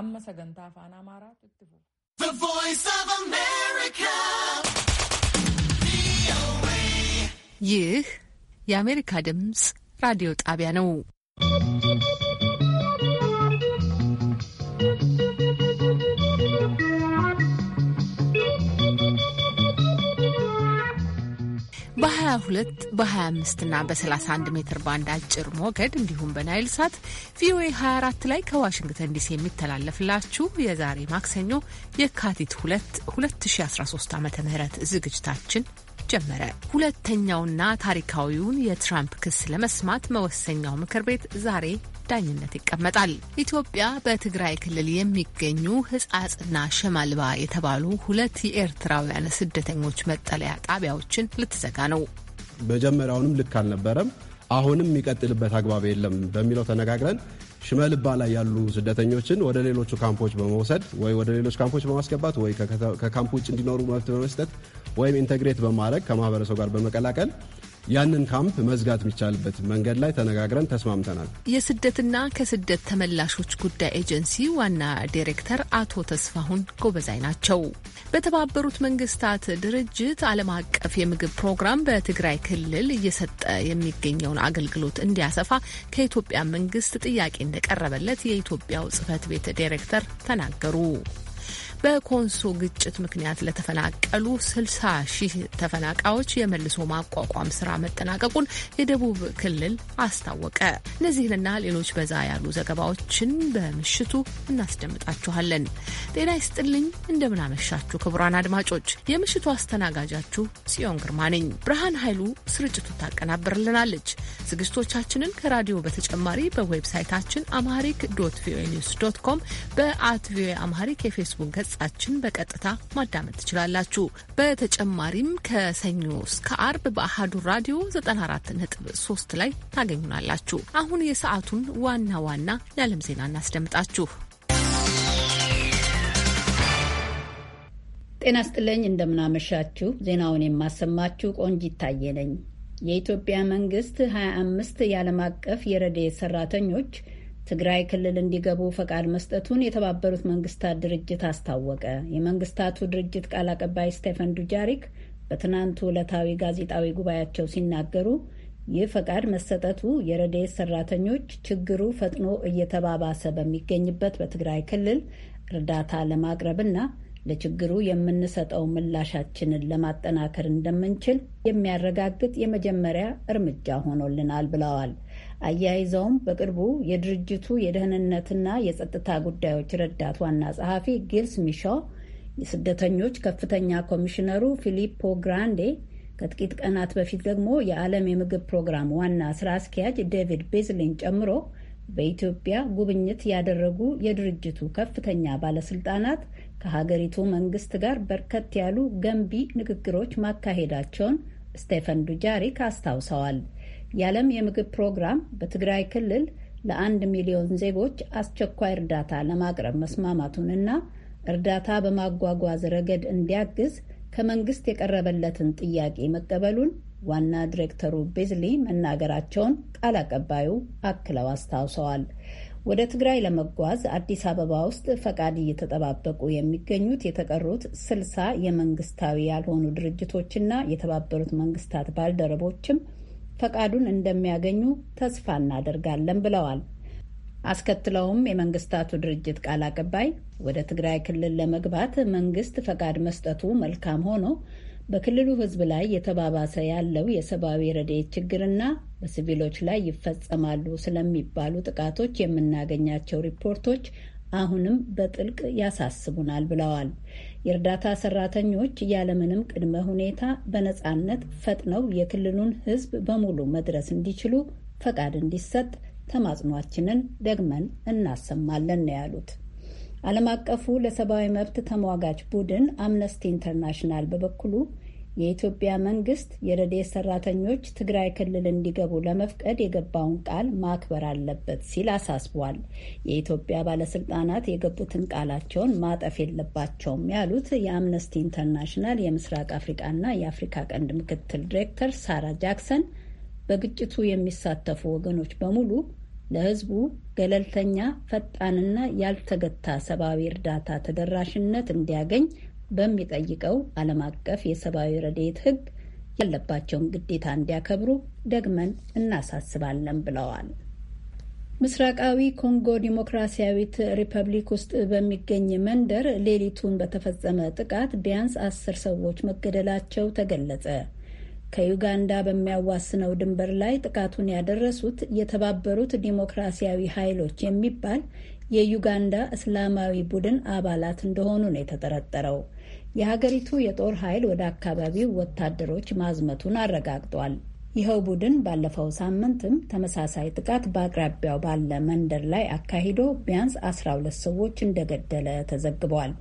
amma sagantaa afaan amaaraatu itti fufa. ይህ የአሜሪካ ድምፅ ራዲዮ ጣቢያ ነው። በ22 በ25 እና በ31 ሜትር ባንድ አጭር ሞገድ እንዲሁም በናይል ሳት ቪኦኤ 24 ላይ ከዋሽንግተን ዲሲ የሚተላለፍላችሁ የዛሬ ማክሰኞ የካቲት 2 2013 ዓ ም ዝግጅታችን ጀመረ። ሁለተኛውና ታሪካዊውን የትራምፕ ክስ ለመስማት መወሰኛው ምክር ቤት ዛሬ በዳኝነት ይቀመጣል። ኢትዮጵያ በትግራይ ክልል የሚገኙ ህጻጽና ሸማልባ የተባሉ ሁለት የኤርትራውያን ስደተኞች መጠለያ ጣቢያዎችን ልትዘጋ ነው። መጀመሪያውንም ልክ አልነበረም፣ አሁንም የሚቀጥልበት አግባብ የለም በሚለው ተነጋግረን ሽመልባ ላይ ያሉ ስደተኞችን ወደ ሌሎቹ ካምፖች በመውሰድ ወይ ወደ ሌሎች ካምፖች በማስገባት ወይ ከካምፕ ውጭ እንዲኖሩ መብት በመስጠት ወይም ኢንተግሬት በማድረግ ከማህበረሰቡ ጋር በመቀላቀል ያንን ካምፕ መዝጋት የሚቻልበት መንገድ ላይ ተነጋግረን ተስማምተናል። የስደትና ከስደት ተመላሾች ጉዳይ ኤጀንሲ ዋና ዲሬክተር አቶ ተስፋሁን ጎበዛይ ናቸው። በተባበሩት መንግስታት ድርጅት ዓለም አቀፍ የምግብ ፕሮግራም በትግራይ ክልል እየሰጠ የሚገኘውን አገልግሎት እንዲያሰፋ ከኢትዮጵያ መንግስት ጥያቄ እንደቀረበለት የኢትዮጵያው ጽህፈት ቤት ዲሬክተር ተናገሩ። በኮንሶ ግጭት ምክንያት ለተፈናቀሉ 60 ሺህ ተፈናቃዮች የመልሶ ማቋቋም ስራ መጠናቀቁን የደቡብ ክልል አስታወቀ። እነዚህንና ሌሎች በዛ ያሉ ዘገባዎችን በምሽቱ እናስደምጣችኋለን። ጤና ይስጥልኝ፣ እንደምናመሻችሁ ክቡራን አድማጮች፣ የምሽቱ አስተናጋጃችሁ ጽዮን ግርማ ነኝ። ብርሃን ኃይሉ ስርጭቱን ታቀናብርልናለች። ዝግጅቶቻችንን ከራዲዮ በተጨማሪ በዌብሳይታችን አማሪክ ዶት ቪኦኤ ኒውስ ዶት ኮም በአት ቪኦኤ አማሪክ የፌስቡክ ገጽ ገጻችን በቀጥታ ማዳመጥ ትችላላችሁ። በተጨማሪም ከሰኞ እስከ አርብ በአሃዱ ራዲዮ 94.3 ላይ ታገኙናላችሁ። አሁን የሰዓቱን ዋና ዋና የዓለም ዜና እናስደምጣችሁ። ጤና ስጥለኝ እንደምናመሻችሁ። ዜናውን የማሰማችሁ ቆንጂ ይታየ ነኝ። የኢትዮጵያ መንግስት 25 የዓለም አቀፍ የረዴ ሰራተኞች ትግራይ ክልል እንዲገቡ ፈቃድ መስጠቱን የተባበሩት መንግስታት ድርጅት አስታወቀ። የመንግስታቱ ድርጅት ቃል አቀባይ ስቴፈን ዱጃሪክ በትናንቱ ዕለታዊ ጋዜጣዊ ጉባኤያቸው ሲናገሩ ይህ ፈቃድ መሰጠቱ የረድኤት ሰራተኞች ችግሩ ፈጥኖ እየተባባሰ በሚገኝበት በትግራይ ክልል እርዳታ ለማቅረብና ለችግሩ የምንሰጠው ምላሻችንን ለማጠናከር እንደምንችል የሚያረጋግጥ የመጀመሪያ እርምጃ ሆኖልናል ብለዋል። አያይዘውም በቅርቡ የድርጅቱ የደህንነትና የጸጥታ ጉዳዮች ረዳት ዋና ጸሐፊ ጊልስ ሚሾ የስደተኞች ከፍተኛ ኮሚሽነሩ ፊሊፖ ግራንዴ ከጥቂት ቀናት በፊት ደግሞ የዓለም የምግብ ፕሮግራም ዋና ስራ አስኪያጅ ዴቪድ ቤዝሊን ጨምሮ በኢትዮጵያ ጉብኝት ያደረጉ የድርጅቱ ከፍተኛ ባለስልጣናት ከሀገሪቱ መንግስት ጋር በርከት ያሉ ገንቢ ንግግሮች ማካሄዳቸውን ስቴፈን ዱጃሪክ አስታውሰዋል። የዓለም የምግብ ፕሮግራም በትግራይ ክልል ለአንድ ሚሊዮን ዜጎች አስቸኳይ እርዳታ ለማቅረብ መስማማቱንና እርዳታ በማጓጓዝ ረገድ እንዲያግዝ ከመንግስት የቀረበለትን ጥያቄ መቀበሉን ዋና ዲሬክተሩ ቤዝሊ መናገራቸውን ቃል አቀባዩ አክለው አስታውሰዋል። ወደ ትግራይ ለመጓዝ አዲስ አበባ ውስጥ ፈቃድ እየተጠባበቁ የሚገኙት የተቀሩት ስልሳ የመንግስታዊ ያልሆኑ ድርጅቶችና የተባበሩት መንግስታት ባልደረቦችም ፈቃዱን እንደሚያገኙ ተስፋ እናደርጋለን ብለዋል። አስከትለውም የመንግስታቱ ድርጅት ቃል አቀባይ ወደ ትግራይ ክልል ለመግባት መንግስት ፈቃድ መስጠቱ መልካም ሆኖ በክልሉ ሕዝብ ላይ የተባባሰ ያለው የሰብአዊ ረድኤት ችግርና በሲቪሎች ላይ ይፈጸማሉ ስለሚባሉ ጥቃቶች የምናገኛቸው ሪፖርቶች አሁንም በጥልቅ ያሳስቡናል ብለዋል። የእርዳታ ሰራተኞች ያለምንም ቅድመ ሁኔታ በነፃነት ፈጥነው የክልሉን ሕዝብ በሙሉ መድረስ እንዲችሉ ፈቃድ እንዲሰጥ ተማጽኗችንን ደግመን እናሰማለን ነው ያሉት። ዓለም አቀፉ ለሰብአዊ መብት ተሟጋች ቡድን አምነስቲ ኢንተርናሽናል በበኩሉ የኢትዮጵያ መንግስት የረድኤት ሰራተኞች ትግራይ ክልል እንዲገቡ ለመፍቀድ የገባውን ቃል ማክበር አለበት ሲል አሳስቧል። የኢትዮጵያ ባለስልጣናት የገቡትን ቃላቸውን ማጠፍ የለባቸውም ያሉት የአምነስቲ ኢንተርናሽናል የምስራቅ አፍሪቃና የአፍሪካ ቀንድ ምክትል ዲሬክተር ሳራ ጃክሰን በግጭቱ የሚሳተፉ ወገኖች በሙሉ ለህዝቡ ገለልተኛ ፈጣንና ያልተገታ ሰብአዊ እርዳታ ተደራሽነት እንዲያገኝ በሚጠይቀው ዓለም አቀፍ የሰብአዊ ረድኤት ሕግ ያለባቸውን ግዴታ እንዲያከብሩ ደግመን እናሳስባለን ብለዋል። ምስራቃዊ ኮንጎ ዲሞክራሲያዊት ሪፐብሊክ ውስጥ በሚገኝ መንደር ሌሊቱን በተፈጸመ ጥቃት ቢያንስ አስር ሰዎች መገደላቸው ተገለጸ። ከዩጋንዳ በሚያዋስነው ድንበር ላይ ጥቃቱን ያደረሱት የተባበሩት ዲሞክራሲያዊ ኃይሎች የሚባል የዩጋንዳ እስላማዊ ቡድን አባላት እንደሆኑ ነው የተጠረጠረው። የሀገሪቱ የጦር ኃይል ወደ አካባቢው ወታደሮች ማዝመቱን አረጋግጧል። ይኸው ቡድን ባለፈው ሳምንትም ተመሳሳይ ጥቃት በአቅራቢያው ባለ መንደር ላይ አካሂዶ ቢያንስ 12 ሰዎች እንደገደለ ተዘግቧል።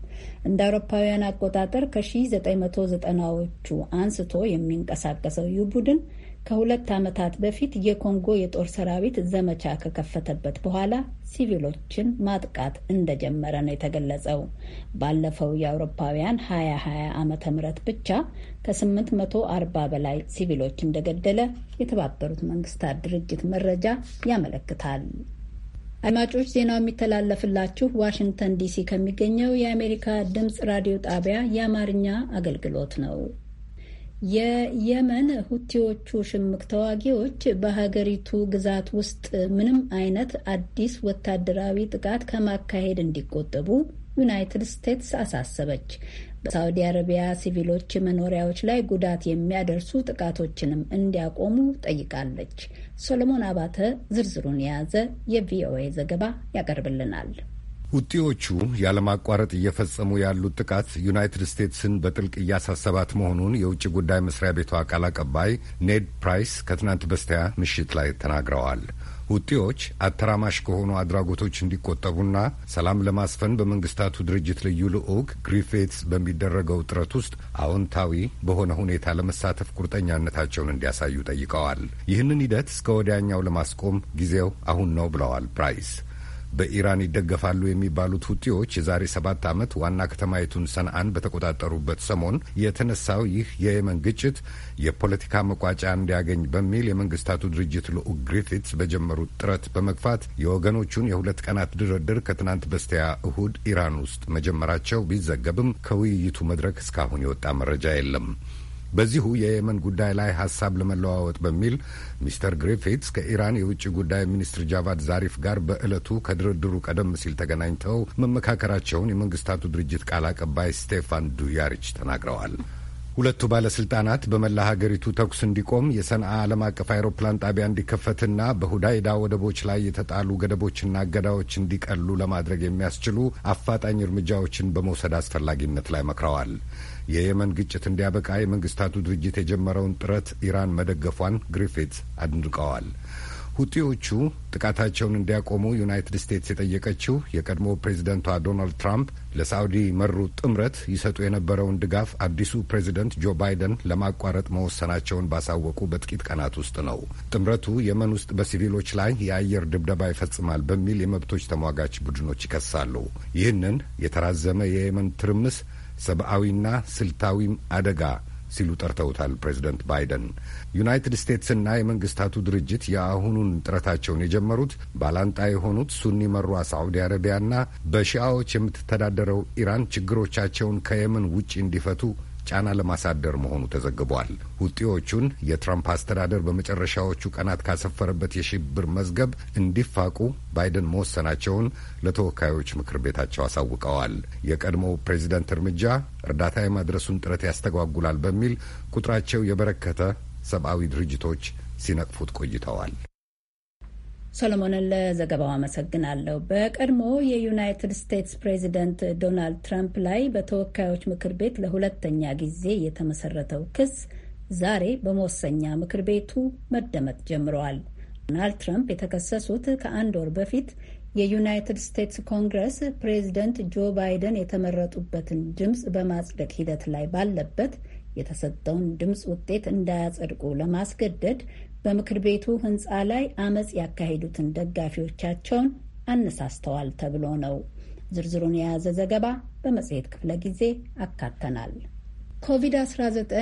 እንደ አውሮፓውያን አቆጣጠር ከ1990ዎቹ አንስቶ የሚንቀሳቀሰው ይህ ቡድን ከሁለት ዓመታት በፊት የኮንጎ የጦር ሰራዊት ዘመቻ ከከፈተበት በኋላ ሲቪሎችን ማጥቃት እንደጀመረ ነው የተገለጸው። ባለፈው የአውሮፓውያን 2020 ዓመተ ምህረት ብቻ ከ840 በላይ ሲቪሎች እንደገደለ የተባበሩት መንግስታት ድርጅት መረጃ ያመለክታል። አድማጮች፣ ዜናው የሚተላለፍላችሁ ዋሽንግተን ዲሲ ከሚገኘው የአሜሪካ ድምፅ ራዲዮ ጣቢያ የአማርኛ አገልግሎት ነው። የየመን ሁቲዎቹ ሽምቅ ተዋጊዎች በሀገሪቱ ግዛት ውስጥ ምንም አይነት አዲስ ወታደራዊ ጥቃት ከማካሄድ እንዲቆጠቡ ዩናይትድ ስቴትስ አሳሰበች። በሳውዲ አረቢያ ሲቪሎች መኖሪያዎች ላይ ጉዳት የሚያደርሱ ጥቃቶችንም እንዲያቆሙ ጠይቃለች። ሶሎሞን አባተ ዝርዝሩን የያዘ የቪኦኤ ዘገባ ያቀርብልናል። ውጤዎቹ ያለማቋረጥ እየፈጸሙ ያሉት ጥቃት ዩናይትድ ስቴትስን በጥልቅ እያሳሰባት መሆኑን የውጭ ጉዳይ መስሪያ ቤቷ ቃል አቀባይ ኔድ ፕራይስ ከትናንት በስቲያ ምሽት ላይ ተናግረዋል። ውጤዎች አተራማሽ ከሆኑ አድራጎቶች እንዲቆጠቡና ሰላም ለማስፈን በመንግስታቱ ድርጅት ልዩ ልዑክ ግሪፌትስ በሚደረገው ጥረት ውስጥ አዎንታዊ በሆነ ሁኔታ ለመሳተፍ ቁርጠኛነታቸውን እንዲያሳዩ ጠይቀዋል። ይህንን ሂደት እስከ ወዲያኛው ለማስቆም ጊዜው አሁን ነው ብለዋል ፕራይስ። በኢራን ይደገፋሉ የሚባሉት ሁቲዎች የዛሬ ሰባት ዓመት ዋና ከተማይቱን ሰንአን በተቆጣጠሩበት ሰሞን የተነሳው ይህ የየመን ግጭት የፖለቲካ መቋጫ እንዲያገኝ በሚል የመንግስታቱ ድርጅት ልዑክ ግሪፊትስ በጀመሩት ጥረት በመግፋት የወገኖቹን የሁለት ቀናት ድርድር ከትናንት በስቲያ እሁድ ኢራን ውስጥ መጀመራቸው ቢዘገብም ከውይይቱ መድረክ እስካሁን የወጣ መረጃ የለም። በዚሁ የየመን ጉዳይ ላይ ሀሳብ ለመለዋወጥ በሚል ሚስተር ግሪፊትስ ከኢራን የውጭ ጉዳይ ሚኒስትር ጃቫድ ዛሪፍ ጋር በዕለቱ ከድርድሩ ቀደም ሲል ተገናኝተው መመካከራቸውን የመንግስታቱ ድርጅት ቃል አቀባይ ስቴፋን ዱያሪች ተናግረዋል። ሁለቱ ባለስልጣናት በመላ ሀገሪቱ ተኩስ እንዲቆም የሰንአ ዓለም አቀፍ አይሮፕላን ጣቢያ እንዲከፈትና በሁዳይዳ ወደቦች ላይ የተጣሉ ገደቦችና እገዳዎች እንዲቀሉ ለማድረግ የሚያስችሉ አፋጣኝ እርምጃዎችን በመውሰድ አስፈላጊነት ላይ መክረዋል። የየመን ግጭት እንዲያበቃ የመንግስታቱ ድርጅት የጀመረውን ጥረት ኢራን መደገፏን ግሪፊት አድንቀዋል። ሁጢዎቹ ጥቃታቸውን እንዲያቆሙ ዩናይትድ ስቴትስ የጠየቀችው የቀድሞ ፕሬዚደንቷ ዶናልድ ትራምፕ ለሳውዲ መሩ ጥምረት ይሰጡ የነበረውን ድጋፍ አዲሱ ፕሬዚደንት ጆ ባይደን ለማቋረጥ መወሰናቸውን ባሳወቁ በጥቂት ቀናት ውስጥ ነው። ጥምረቱ የመን ውስጥ በሲቪሎች ላይ የአየር ድብደባ ይፈጽማል በሚል የመብቶች ተሟጋች ቡድኖች ይከሳሉ። ይህንን የተራዘመ የየመን ትርምስ ሰብአዊና ስልታዊም አደጋ ሲሉ ጠርተውታል ፕሬዚደንት ባይደን። ዩናይትድ ስቴትስና የመንግስታቱ ድርጅት የአሁኑን ጥረታቸውን የጀመሩት ባላንጣ የሆኑት ሱኒ መሯ ሳዑዲ አረቢያና በሺአዎች የምትተዳደረው ኢራን ችግሮቻቸውን ከየመን ውጪ እንዲፈቱ ጫና ለማሳደር መሆኑ ተዘግቧል። ውጤዎቹን የትራምፕ አስተዳደር በመጨረሻዎቹ ቀናት ካሰፈረበት የሽብር መዝገብ እንዲፋቁ ባይደን መወሰናቸውን ለተወካዮች ምክር ቤታቸው አሳውቀዋል። የቀድሞው ፕሬዚደንት እርምጃ እርዳታ የማድረሱን ጥረት ያስተጓጉላል በሚል ቁጥራቸው የበረከተ ሰብአዊ ድርጅቶች ሲነቅፉት ቆይተዋል። ሰሎሞንን ለዘገባው አመሰግናለሁ። በቀድሞ የዩናይትድ ስቴትስ ፕሬዚደንት ዶናልድ ትራምፕ ላይ በተወካዮች ምክር ቤት ለሁለተኛ ጊዜ የተመሰረተው ክስ ዛሬ በመወሰኛ ምክር ቤቱ መደመጥ ጀምረዋል። ዶናልድ ትራምፕ የተከሰሱት ከአንድ ወር በፊት የዩናይትድ ስቴትስ ኮንግረስ ፕሬዚደንት ጆ ባይደን የተመረጡበትን ድምፅ በማጽደቅ ሂደት ላይ ባለበት የተሰጠውን ድምፅ ውጤት እንዳያጸድቁ ለማስገደድ በምክር ቤቱ ህንፃ ላይ አመፅ ያካሄዱትን ደጋፊዎቻቸውን አነሳስተዋል ተብሎ ነው። ዝርዝሩን የያዘ ዘገባ በመጽሔት ክፍለ ጊዜ አካተናል። ኮቪድ-19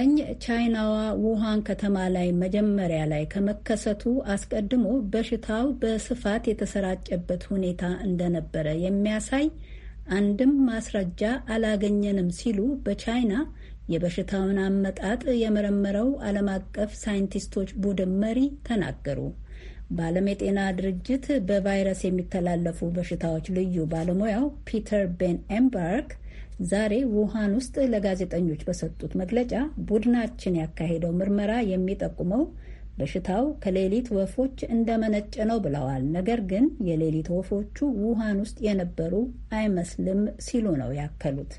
ቻይናዋ ውሃን ከተማ ላይ መጀመሪያ ላይ ከመከሰቱ አስቀድሞ በሽታው በስፋት የተሰራጨበት ሁኔታ እንደነበረ የሚያሳይ አንድም ማስረጃ አላገኘንም ሲሉ በቻይና የበሽታውን አመጣጥ የመረመረው ዓለም አቀፍ ሳይንቲስቶች ቡድን መሪ ተናገሩ። በዓለም የጤና ድርጅት በቫይረስ የሚተላለፉ በሽታዎች ልዩ ባለሙያው ፒተር ቤን ኤምበርግ ዛሬ ውሃን ውስጥ ለጋዜጠኞች በሰጡት መግለጫ ቡድናችን ያካሄደው ምርመራ የሚጠቁመው በሽታው ከሌሊት ወፎች እንደመነጨ ነው ብለዋል። ነገር ግን የሌሊት ወፎቹ ውሃን ውስጥ የነበሩ አይመስልም ሲሉ ነው ያከሉት።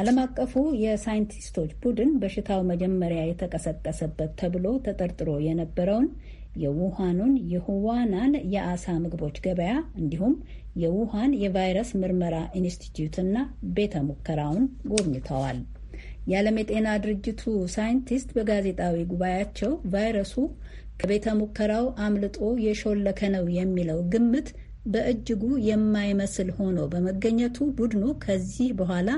ዓለም አቀፉ የሳይንቲስቶች ቡድን በሽታው መጀመሪያ የተቀሰቀሰበት ተብሎ ተጠርጥሮ የነበረውን የውሃኑን የሁዋናን የአሳ ምግቦች ገበያ እንዲሁም የውሃን የቫይረስ ምርመራ ኢንስቲትዩትና ቤተ ሙከራውን ጎብኝተዋል። የዓለም የጤና ድርጅቱ ሳይንቲስት በጋዜጣዊ ጉባኤያቸው ቫይረሱ ከቤተ ሙከራው አምልጦ የሾለከ ነው የሚለው ግምት በእጅጉ የማይመስል ሆኖ በመገኘቱ ቡድኑ ከዚህ በኋላ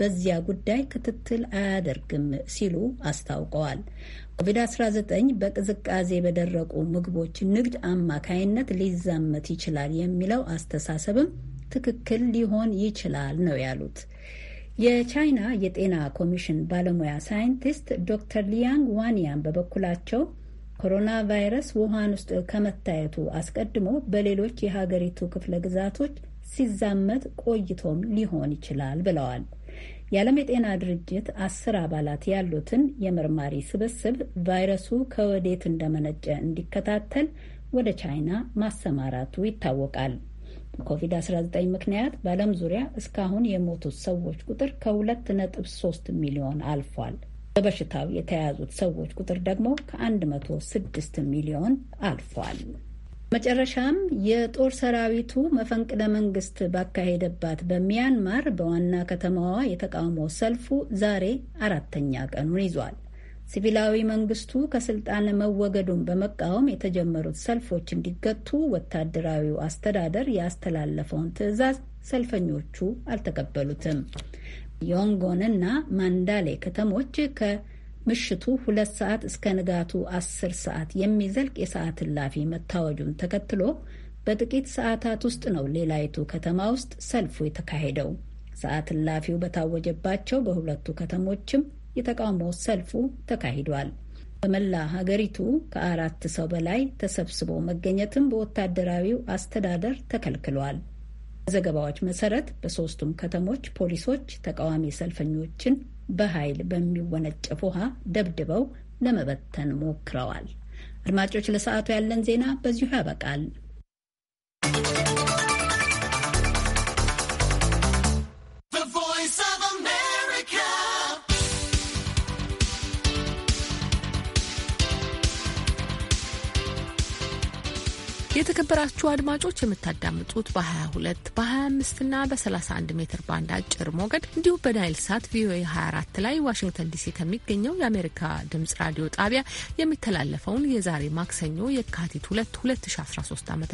በዚያ ጉዳይ ክትትል አያደርግም ሲሉ አስታውቀዋል። ኮቪድ-19 በቅዝቃዜ በደረቁ ምግቦች ንግድ አማካይነት ሊዛመት ይችላል የሚለው አስተሳሰብም ትክክል ሊሆን ይችላል ነው ያሉት። የቻይና የጤና ኮሚሽን ባለሙያ ሳይንቲስት ዶክተር ሊያንግ ዋንያን በበኩላቸው ኮሮና ቫይረስ ውሃን ውስጥ ከመታየቱ አስቀድሞ በሌሎች የሀገሪቱ ክፍለ ግዛቶች ሲዛመት ቆይቶም ሊሆን ይችላል ብለዋል። የዓለም የጤና ድርጅት አስር አባላት ያሉትን የመርማሪ ስብስብ ቫይረሱ ከወዴት እንደመነጨ እንዲከታተል ወደ ቻይና ማሰማራቱ ይታወቃል። በኮቪድ-19 ምክንያት በዓለም ዙሪያ እስካሁን የሞቱት ሰዎች ቁጥር ከሁለት ነጥብ ሶስት ሚሊዮን አልፏል። በበሽታው የተያዙት ሰዎች ቁጥር ደግሞ ከ106 ሚሊዮን አልፏል። መጨረሻም የጦር ሰራዊቱ መፈንቅለ መንግስት ባካሄደባት በሚያንማር በዋና ከተማዋ የተቃውሞ ሰልፉ ዛሬ አራተኛ ቀኑን ይዟል። ሲቪላዊ መንግስቱ ከስልጣን መወገዱን በመቃወም የተጀመሩት ሰልፎች እንዲገቱ ወታደራዊው አስተዳደር ያስተላለፈውን ትዕዛዝ ሰልፈኞቹ አልተቀበሉትም። ዮንጎንና ማንዳሌ ከተሞች ከምሽቱ ሁለት ሰዓት እስከ ንጋቱ አስር ሰዓት የሚዘልቅ የሰዓት እላፊ መታወጁን ተከትሎ በጥቂት ሰዓታት ውስጥ ነው ሌላይቱ ከተማ ውስጥ ሰልፉ የተካሄደው። ሰዓት እላፊው በታወጀባቸው በሁለቱ ከተሞችም የተቃውሞ ሰልፉ ተካሂዷል። በመላ ሀገሪቱ ከአራት ሰው በላይ ተሰብስቦ መገኘትም በወታደራዊው አስተዳደር ተከልክሏል። በዘገባዎች መሰረት በሶስቱም ከተሞች ፖሊሶች ተቃዋሚ ሰልፈኞችን በኃይል በሚወነጨፍ ውሃ ደብድበው ለመበተን ሞክረዋል። አድማጮች፣ ለሰዓቱ ያለን ዜና በዚሁ ያበቃል። የተከበራችሁ አድማጮች የምታዳምጡት በ22 በ25 እና በ31 ሜትር ባንድ አጭር ሞገድ እንዲሁም በናይል ሳት ቪኦኤ 24 ላይ ዋሽንግተን ዲሲ ከሚገኘው የአሜሪካ ድምጽ ራዲዮ ጣቢያ የሚተላለፈውን የዛሬ ማክሰኞ የካቲት 2 2013 ዓ ም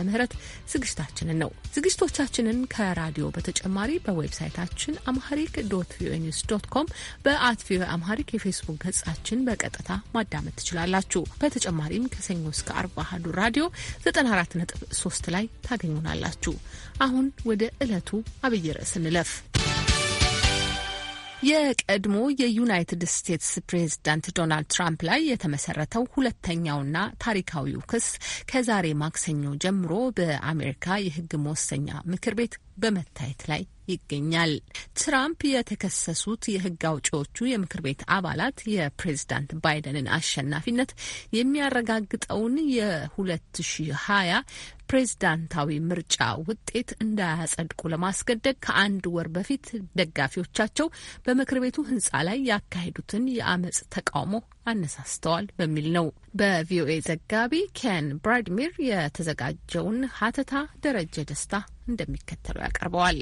ዝግጅታችንን ነው። ዝግጅቶቻችንን ከራዲዮ በተጨማሪ በዌብሳይታችን አምሃሪክ ዶት ቪኦኤ ኒውስ ዶት ኮም በአት ቪኦኤ አምሃሪክ የፌስቡክ ገጻችን በቀጥታ ማዳመጥ ትችላላችሁ። በተጨማሪም ከሰኞ እስከ አርብ አህዱ ራዲዮ 94 ነጥብ ሶስት ላይ ታገኙናላችሁ። አሁን ወደ ዕለቱ አብይ ርዕስ እንለፍ። የቀድሞ የዩናይትድ ስቴትስ ፕሬዝዳንት ዶናልድ ትራምፕ ላይ የተመሰረተው ሁለተኛውና ታሪካዊው ክስ ከዛሬ ማክሰኞ ጀምሮ በአሜሪካ የሕግ መወሰኛ ምክር ቤት በመታየት ላይ ይገኛል። ትራምፕ የተከሰሱት የህግ አውጪዎቹ የምክር ቤት አባላት የፕሬዝዳንት ባይደንን አሸናፊነት የሚያረጋግጠውን የ2020 የፕሬዝዳንታዊ ምርጫ ውጤት እንዳያጸድቁ ለማስገደግ ከአንድ ወር በፊት ደጋፊዎቻቸው በምክር ቤቱ ህንጻ ላይ ያካሄዱትን የአመጽ ተቃውሞ አነሳስተዋል በሚል ነው። በቪኦኤ ዘጋቢ ኬን ብራድሚር የተዘጋጀውን ሀተታ ደረጀ ደስታ እንደሚከተለው ያቀርበዋል።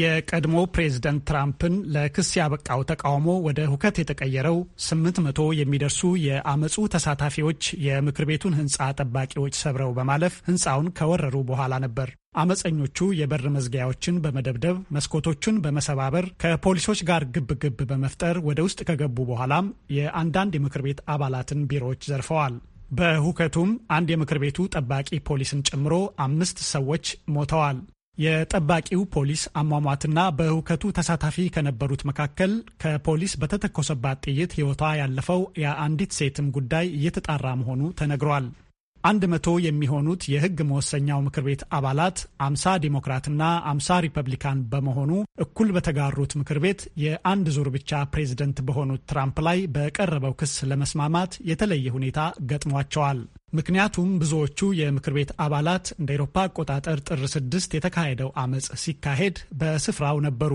የቀድሞ ፕሬዝደንት ትራምፕን ለክስ ያበቃው ተቃውሞ ወደ ሁከት የተቀየረው ስምንት መቶ የሚደርሱ የአመፁ ተሳታፊዎች የምክር ቤቱን ህንፃ ጠባቂዎች ሰብረው በማለፍ ህንፃውን ከወረሩ በኋላ ነበር። አመፀኞቹ የበር መዝጊያዎችን በመደብደብ መስኮቶቹን በመሰባበር ከፖሊሶች ጋር ግብግብ በመፍጠር ወደ ውስጥ ከገቡ በኋላም የአንዳንድ የምክር ቤት አባላትን ቢሮዎች ዘርፈዋል። በሁከቱም አንድ የምክር ቤቱ ጠባቂ ፖሊስን ጨምሮ አምስት ሰዎች ሞተዋል። የጠባቂው ፖሊስ አሟሟትና በእውከቱ ተሳታፊ ከነበሩት መካከል ከፖሊስ በተተኮሰባት ጥይት ሕይወቷ ያለፈው የአንዲት ሴትም ጉዳይ እየተጣራ መሆኑ ተነግሯል። አንድ መቶ የሚሆኑት የሕግ መወሰኛው ምክር ቤት አባላት አምሳ ዲሞክራትና አምሳ ሪፐብሊካን በመሆኑ እኩል በተጋሩት ምክር ቤት የአንድ ዙር ብቻ ፕሬዝደንት በሆኑት ትራምፕ ላይ በቀረበው ክስ ለመስማማት የተለየ ሁኔታ ገጥሟቸዋል። ምክንያቱም ብዙዎቹ የምክር ቤት አባላት እንደ ኤሮፓ አቆጣጠር ጥር ስድስት የተካሄደው አመፅ ሲካሄድ በስፍራው ነበሩ።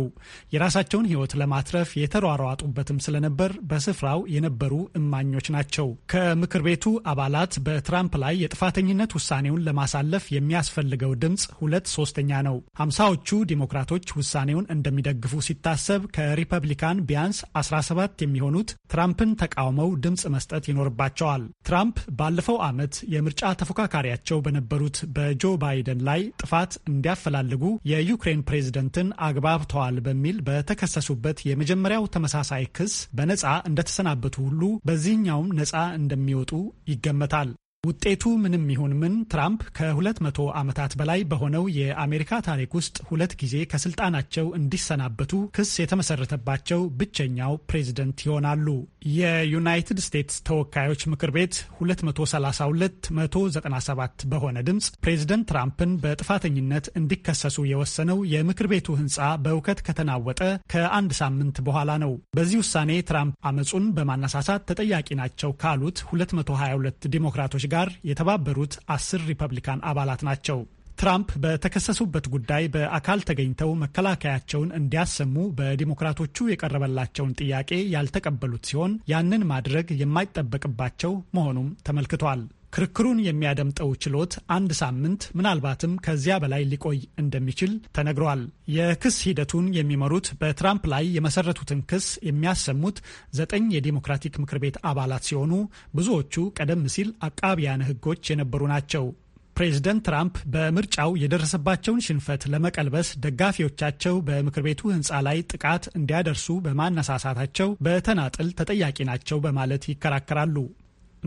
የራሳቸውን ሕይወት ለማትረፍ የተሯሯጡበትም ስለነበር በስፍራው የነበሩ እማኞች ናቸው። ከምክር ቤቱ አባላት በትራምፕ ላይ የጥፋተኝነት ውሳኔውን ለማሳለፍ የሚያስፈልገው ድምፅ ሁለት ሶስተኛ ነው። ሀምሳዎቹ ዲሞክራቶች ውሳኔውን እንደሚደግፉ ሲታሰብ ከሪፐብሊካን ቢያንስ 17 የሚሆኑት ትራምፕን ተቃውመው ድምፅ መስጠት ይኖርባቸዋል። ትራምፕ ባለፈው አመት ዓመት የምርጫ ተፎካካሪያቸው በነበሩት በጆ ባይደን ላይ ጥፋት እንዲያፈላልጉ የዩክሬን ፕሬዝደንትን አግባብተዋል በሚል በተከሰሱበት የመጀመሪያው ተመሳሳይ ክስ በነፃ እንደተሰናበቱ ሁሉ በዚህኛውም ነፃ እንደሚወጡ ይገመታል። ውጤቱ ምንም ይሁን ምን ትራምፕ ከሁለት መቶ ዓመታት በላይ በሆነው የአሜሪካ ታሪክ ውስጥ ሁለት ጊዜ ከስልጣናቸው እንዲሰናበቱ ክስ የተመሰረተባቸው ብቸኛው ፕሬዝደንት ይሆናሉ። የዩናይትድ ስቴትስ ተወካዮች ምክር ቤት 232 197 በሆነ ድምፅ ፕሬዝደንት ትራምፕን በጥፋተኝነት እንዲከሰሱ የወሰነው የምክር ቤቱ ህንፃ በእውከት ከተናወጠ ከአንድ ሳምንት በኋላ ነው። በዚህ ውሳኔ ትራምፕ አመፁን በማነሳሳት ተጠያቂ ናቸው ካሉት 222 ዲሞክራቶች ጋር የተባበሩት አስር ሪፐብሊካን አባላት ናቸው። ትራምፕ በተከሰሱበት ጉዳይ በአካል ተገኝተው መከላከያቸውን እንዲያሰሙ በዲሞክራቶቹ የቀረበላቸውን ጥያቄ ያልተቀበሉት ሲሆን ያንን ማድረግ የማይጠበቅባቸው መሆኑም ተመልክቷል። ክርክሩን የሚያደምጠው ችሎት አንድ ሳምንት ምናልባትም ከዚያ በላይ ሊቆይ እንደሚችል ተነግሯል። የክስ ሂደቱን የሚመሩት በትራምፕ ላይ የመሰረቱትን ክስ የሚያሰሙት ዘጠኝ የዲሞክራቲክ ምክር ቤት አባላት ሲሆኑ ብዙዎቹ ቀደም ሲል አቃቢያን ሕጎች የነበሩ ናቸው። ፕሬዚደንት ትራምፕ በምርጫው የደረሰባቸውን ሽንፈት ለመቀልበስ ደጋፊዎቻቸው በምክር ቤቱ ህንፃ ላይ ጥቃት እንዲያደርሱ በማነሳሳታቸው በተናጥል ተጠያቂ ናቸው በማለት ይከራከራሉ።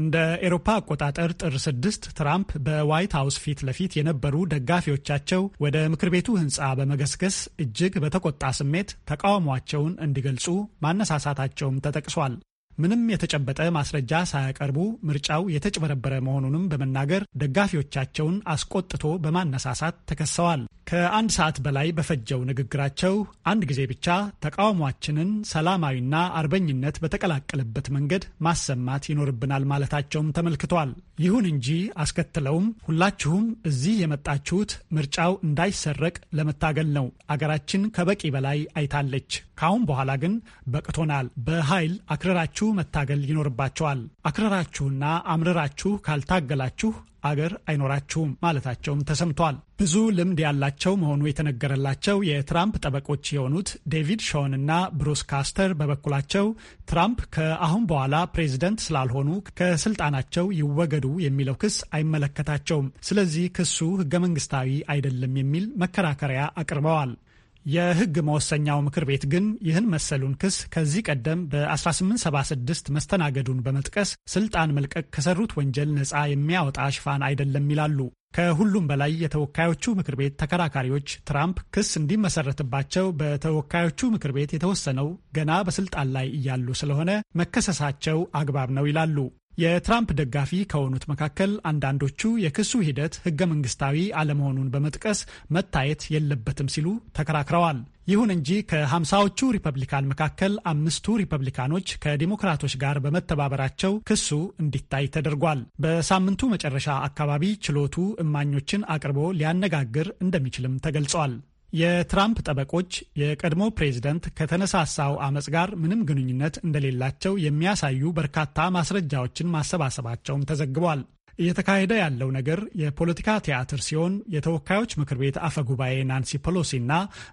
እንደ ኤሮፓ አቆጣጠር ጥር ስድስት ትራምፕ በዋይት ሀውስ ፊት ለፊት የነበሩ ደጋፊዎቻቸው ወደ ምክር ቤቱ ህንፃ በመገስገስ እጅግ በተቆጣ ስሜት ተቃውሟቸውን እንዲገልጹ ማነሳሳታቸውም ተጠቅሷል። ምንም የተጨበጠ ማስረጃ ሳያቀርቡ ምርጫው የተጭበረበረ መሆኑንም በመናገር ደጋፊዎቻቸውን አስቆጥቶ በማነሳሳት ተከሰዋል። ከአንድ ሰዓት በላይ በፈጀው ንግግራቸው አንድ ጊዜ ብቻ ተቃውሟችንን ሰላማዊና አርበኝነት በተቀላቀለበት መንገድ ማሰማት ይኖርብናል ማለታቸውም ተመልክቷል። ይሁን እንጂ አስከትለውም ሁላችሁም እዚህ የመጣችሁት ምርጫው እንዳይሰረቅ ለመታገል ነው። አገራችን ከበቂ በላይ አይታለች። ካሁን በኋላ ግን በቅቶናል። በኃይል አክረራችሁ መታገል ይኖርባቸዋል። አክረራችሁና አምረራችሁ ካልታገላችሁ አገር አይኖራችሁም ማለታቸውም ተሰምቷል። ብዙ ልምድ ያላቸው መሆኑ የተነገረላቸው የትራምፕ ጠበቆች የሆኑት ዴቪድ ሾን እና ብሩስ ካስተር በበኩላቸው ትራምፕ ከአሁን በኋላ ፕሬዝደንት ስላልሆኑ ከስልጣናቸው ይወገዱ የሚለው ክስ አይመለከታቸውም፣ ስለዚህ ክሱ ህገ መንግስታዊ አይደለም የሚል መከራከሪያ አቅርበዋል። የህግ መወሰኛው ምክር ቤት ግን ይህን መሰሉን ክስ ከዚህ ቀደም በ1876 መስተናገዱን በመጥቀስ ስልጣን መልቀቅ ከሰሩት ወንጀል ነፃ የሚያወጣ ሽፋን አይደለም ይላሉ። ከሁሉም በላይ የተወካዮቹ ምክር ቤት ተከራካሪዎች ትራምፕ ክስ እንዲመሰረትባቸው በተወካዮቹ ምክር ቤት የተወሰነው ገና በስልጣን ላይ እያሉ ስለሆነ መከሰሳቸው አግባብ ነው ይላሉ። የትራምፕ ደጋፊ ከሆኑት መካከል አንዳንዶቹ የክሱ ሂደት ህገ መንግስታዊ አለመሆኑን በመጥቀስ መታየት የለበትም ሲሉ ተከራክረዋል። ይሁን እንጂ ከሀምሳዎቹ ሪፐብሊካን መካከል አምስቱ ሪፐብሊካኖች ከዲሞክራቶች ጋር በመተባበራቸው ክሱ እንዲታይ ተደርጓል። በሳምንቱ መጨረሻ አካባቢ ችሎቱ እማኞችን አቅርቦ ሊያነጋግር እንደሚችልም ተገልጿል። የትራምፕ ጠበቆች የቀድሞ ፕሬዝደንት ከተነሳሳው አመፅ ጋር ምንም ግንኙነት እንደሌላቸው የሚያሳዩ በርካታ ማስረጃዎችን ማሰባሰባቸውም ተዘግቧል። እየተካሄደ ያለው ነገር የፖለቲካ ቲያትር ሲሆን የተወካዮች ምክር ቤት አፈ ጉባኤ ናንሲ እና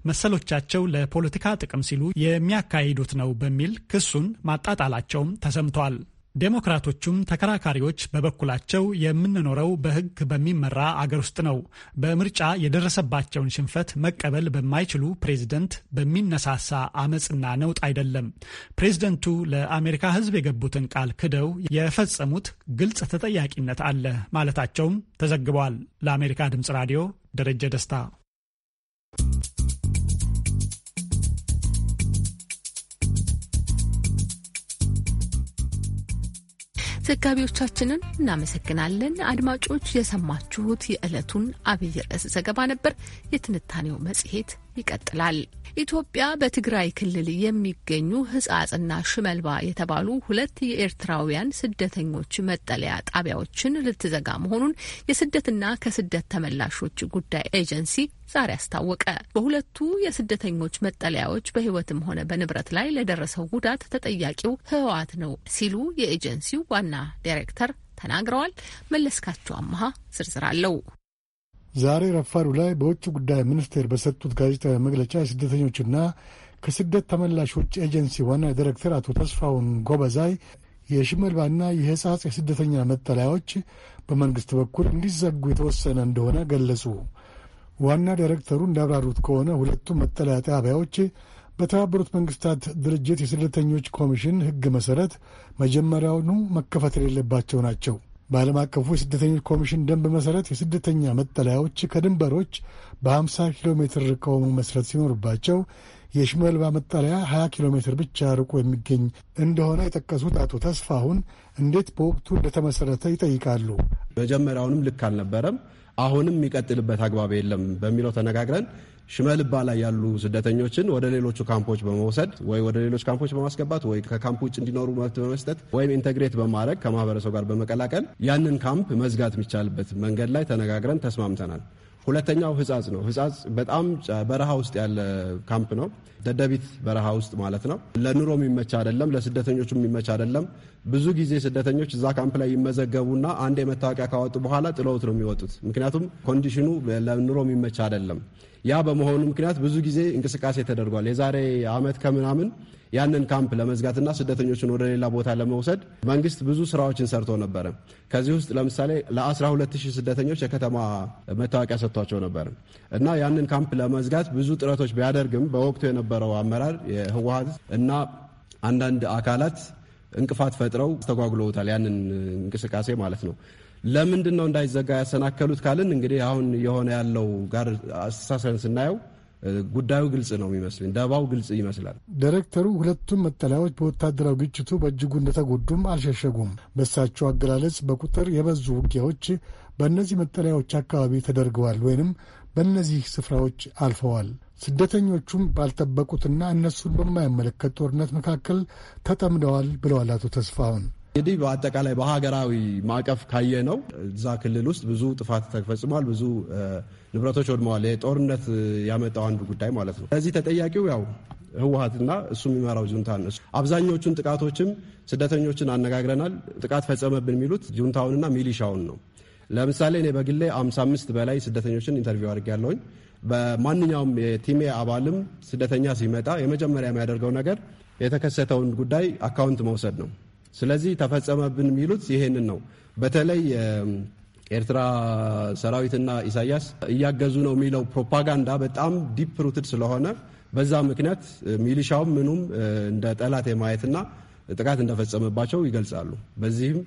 መሰሎቻቸው ለፖለቲካ ጥቅም ሲሉ የሚያካሂዱት ነው በሚል ክሱን ማጣጣላቸውም ተሰምቷል። ዴሞክራቶቹም ተከራካሪዎች በበኩላቸው የምንኖረው በሕግ በሚመራ አገር ውስጥ ነው፣ በምርጫ የደረሰባቸውን ሽንፈት መቀበል በማይችሉ ፕሬዝደንት በሚነሳሳ አመፅና ነውጥ አይደለም። ፕሬዝደንቱ ለአሜሪካ ሕዝብ የገቡትን ቃል ክደው የፈጸሙት ግልጽ ተጠያቂነት አለ ማለታቸውም ተዘግበዋል። ለአሜሪካ ድምጽ ራዲዮ ደረጀ ደስታ። ዘጋቢዎቻችንን እናመሰግናለን። አድማጮች የሰማችሁት የዕለቱን አብይ ርዕስ ዘገባ ነበር። የትንታኔው መጽሔት ይቀጥላል። ኢትዮጵያ በትግራይ ክልል የሚገኙ ሕጻጽና ሽመልባ የተባሉ ሁለት የኤርትራውያን ስደተኞች መጠለያ ጣቢያዎችን ልትዘጋ መሆኑን የስደትና ከስደት ተመላሾች ጉዳይ ኤጀንሲ ዛሬ አስታወቀ። በሁለቱ የስደተኞች መጠለያዎች በህይወትም ሆነ በንብረት ላይ ለደረሰው ጉዳት ተጠያቂው ህወሓት ነው ሲሉ የኤጀንሲው ዋና ዳይሬክተር ተናግረዋል። መለስካቸው አመሀ ዝርዝር አለው። ዛሬ ረፋዱ ላይ በውጭ ጉዳይ ሚኒስቴር በሰጡት ጋዜጣዊ መግለጫ የስደተኞችና ከስደት ተመላሾች ኤጀንሲ ዋና ዳይሬክተር አቶ ተስፋውን ጎበዛይ የሽመልባና የሕጻጽ የስደተኛ መጠለያዎች በመንግሥት በኩል እንዲዘጉ የተወሰነ እንደሆነ ገለጹ። ዋና ዳይሬክተሩ እንዳብራሩት ከሆነ ሁለቱም መጠለያ ጣቢያዎች በተባበሩት መንግስታት ድርጅት የስደተኞች ኮሚሽን ሕግ መሠረት መጀመሪያውኑ መከፈት የሌለባቸው ናቸው። በዓለም አቀፉ የስደተኞች ኮሚሽን ደንብ መሠረት የስደተኛ መጠለያዎች ከድንበሮች በ50 ኪሎ ሜትር ርቀው መመስረት ሲኖርባቸው የሽመልባ መጠለያ 20 ኪሎ ሜትር ብቻ ርቆ የሚገኝ እንደሆነ የጠቀሱት አቶ ተስፋሁን እንዴት በወቅቱ እንደተመሠረተ ይጠይቃሉ። መጀመሪያውንም ልክ አልነበረም፣ አሁንም የሚቀጥልበት አግባብ የለም በሚለው ተነጋግረን ሽመልባ ላይ ያሉ ስደተኞችን ወደ ሌሎቹ ካምፖች በመውሰድ ወይ ወደ ሌሎች ካምፖች በማስገባት ወይ ከካምፕ ውጭ እንዲኖሩ መብት በመስጠት ወይም ኢንተግሬት በማድረግ ከማህበረሰቡ ጋር በመቀላቀል ያንን ካምፕ መዝጋት የሚቻልበት መንገድ ላይ ተነጋግረን ተስማምተናል። ሁለተኛው ህጻጽ ነው። ህጻጽ በጣም በረሃ ውስጥ ያለ ካምፕ ነው። ደደቢት በረሃ ውስጥ ማለት ነው። ለኑሮ የሚመች አይደለም፣ ለስደተኞቹ የሚመች አይደለም። ብዙ ጊዜ ስደተኞች እዛ ካምፕ ላይ ይመዘገቡና አንድ የመታወቂያ ካወጡ በኋላ ጥለውት ነው የሚወጡት። ምክንያቱም ኮንዲሽኑ ለኑሮ የሚመች አይደለም። ያ በመሆኑ ምክንያት ብዙ ጊዜ እንቅስቃሴ ተደርጓል። የዛሬ አመት ከምናምን ያንን ካምፕ ለመዝጋትና ስደተኞችን ወደ ሌላ ቦታ ለመውሰድ መንግስት ብዙ ስራዎችን ሰርቶ ነበረ። ከዚህ ውስጥ ለምሳሌ ለ12000 ስደተኞች የከተማ መታወቂያ ሰጥቷቸው ነበር እና ያንን ካምፕ ለመዝጋት ብዙ ጥረቶች ቢያደርግም በወቅቱ የነበረው አመራር የህወሀት እና አንዳንድ አካላት እንቅፋት ፈጥረው አስተጓጉለውታል። ያንን እንቅስቃሴ ማለት ነው። ለምንድን ነው እንዳይዘጋ ያሰናከሉት ካልን እንግዲህ አሁን የሆነ ያለው ጋር አስተሳሰብን ስናየው ጉዳዩ ግልጽ ነው የሚመስልኝ። ደባው ግልጽ ይመስላል። ዳይሬክተሩ ሁለቱም መጠለያዎች በወታደራዊ ግጭቱ በእጅጉ እንደተጎዱም አልሸሸጉም። በእሳቸው አገላለጽ በቁጥር የበዙ ውጊያዎች በእነዚህ መጠለያዎች አካባቢ ተደርገዋል ወይንም በእነዚህ ስፍራዎች አልፈዋል። ስደተኞቹም ባልጠበቁትና እነሱን በማይመለከት ጦርነት መካከል ተጠምደዋል ብለዋል አቶ ተስፋሁን እንግዲህ በአጠቃላይ በሀገራዊ ማዕቀፍ ካየ ነው እዛ ክልል ውስጥ ብዙ ጥፋት ተፈጽሟል፣ ብዙ ንብረቶች ወድመዋል። ጦርነት ያመጣው አንዱ ጉዳይ ማለት ነው። ለዚህ ተጠያቂው ያው ህወሀትና እሱ የሚመራው ጁንታ ነው። አብዛኞቹን ጥቃቶችም ስደተኞችን አነጋግረናል። ጥቃት ፈጸመብን የሚሉት ጁንታውንና ሚሊሻውን ነው። ለምሳሌ እኔ በግሌ 55 በላይ ስደተኞችን ኢንተርቪው ያለውኝ በማንኛውም የቲሜ አባልም ስደተኛ ሲመጣ የመጀመሪያ የሚያደርገው ነገር የተከሰተውን ጉዳይ አካውንት መውሰድ ነው። ስለዚህ ተፈጸመብን የሚሉት ይሄንን ነው። በተለይ ኤርትራ ሰራዊትና ኢሳያስ እያገዙ ነው የሚለው ፕሮፓጋንዳ በጣም ዲፕ ሩትድ ስለሆነ በዛ ምክንያት ሚሊሻውም ምኑም እንደ ጠላት የማየትና ጥቃት እንደፈጸመባቸው ይገልጻሉ። በዚህም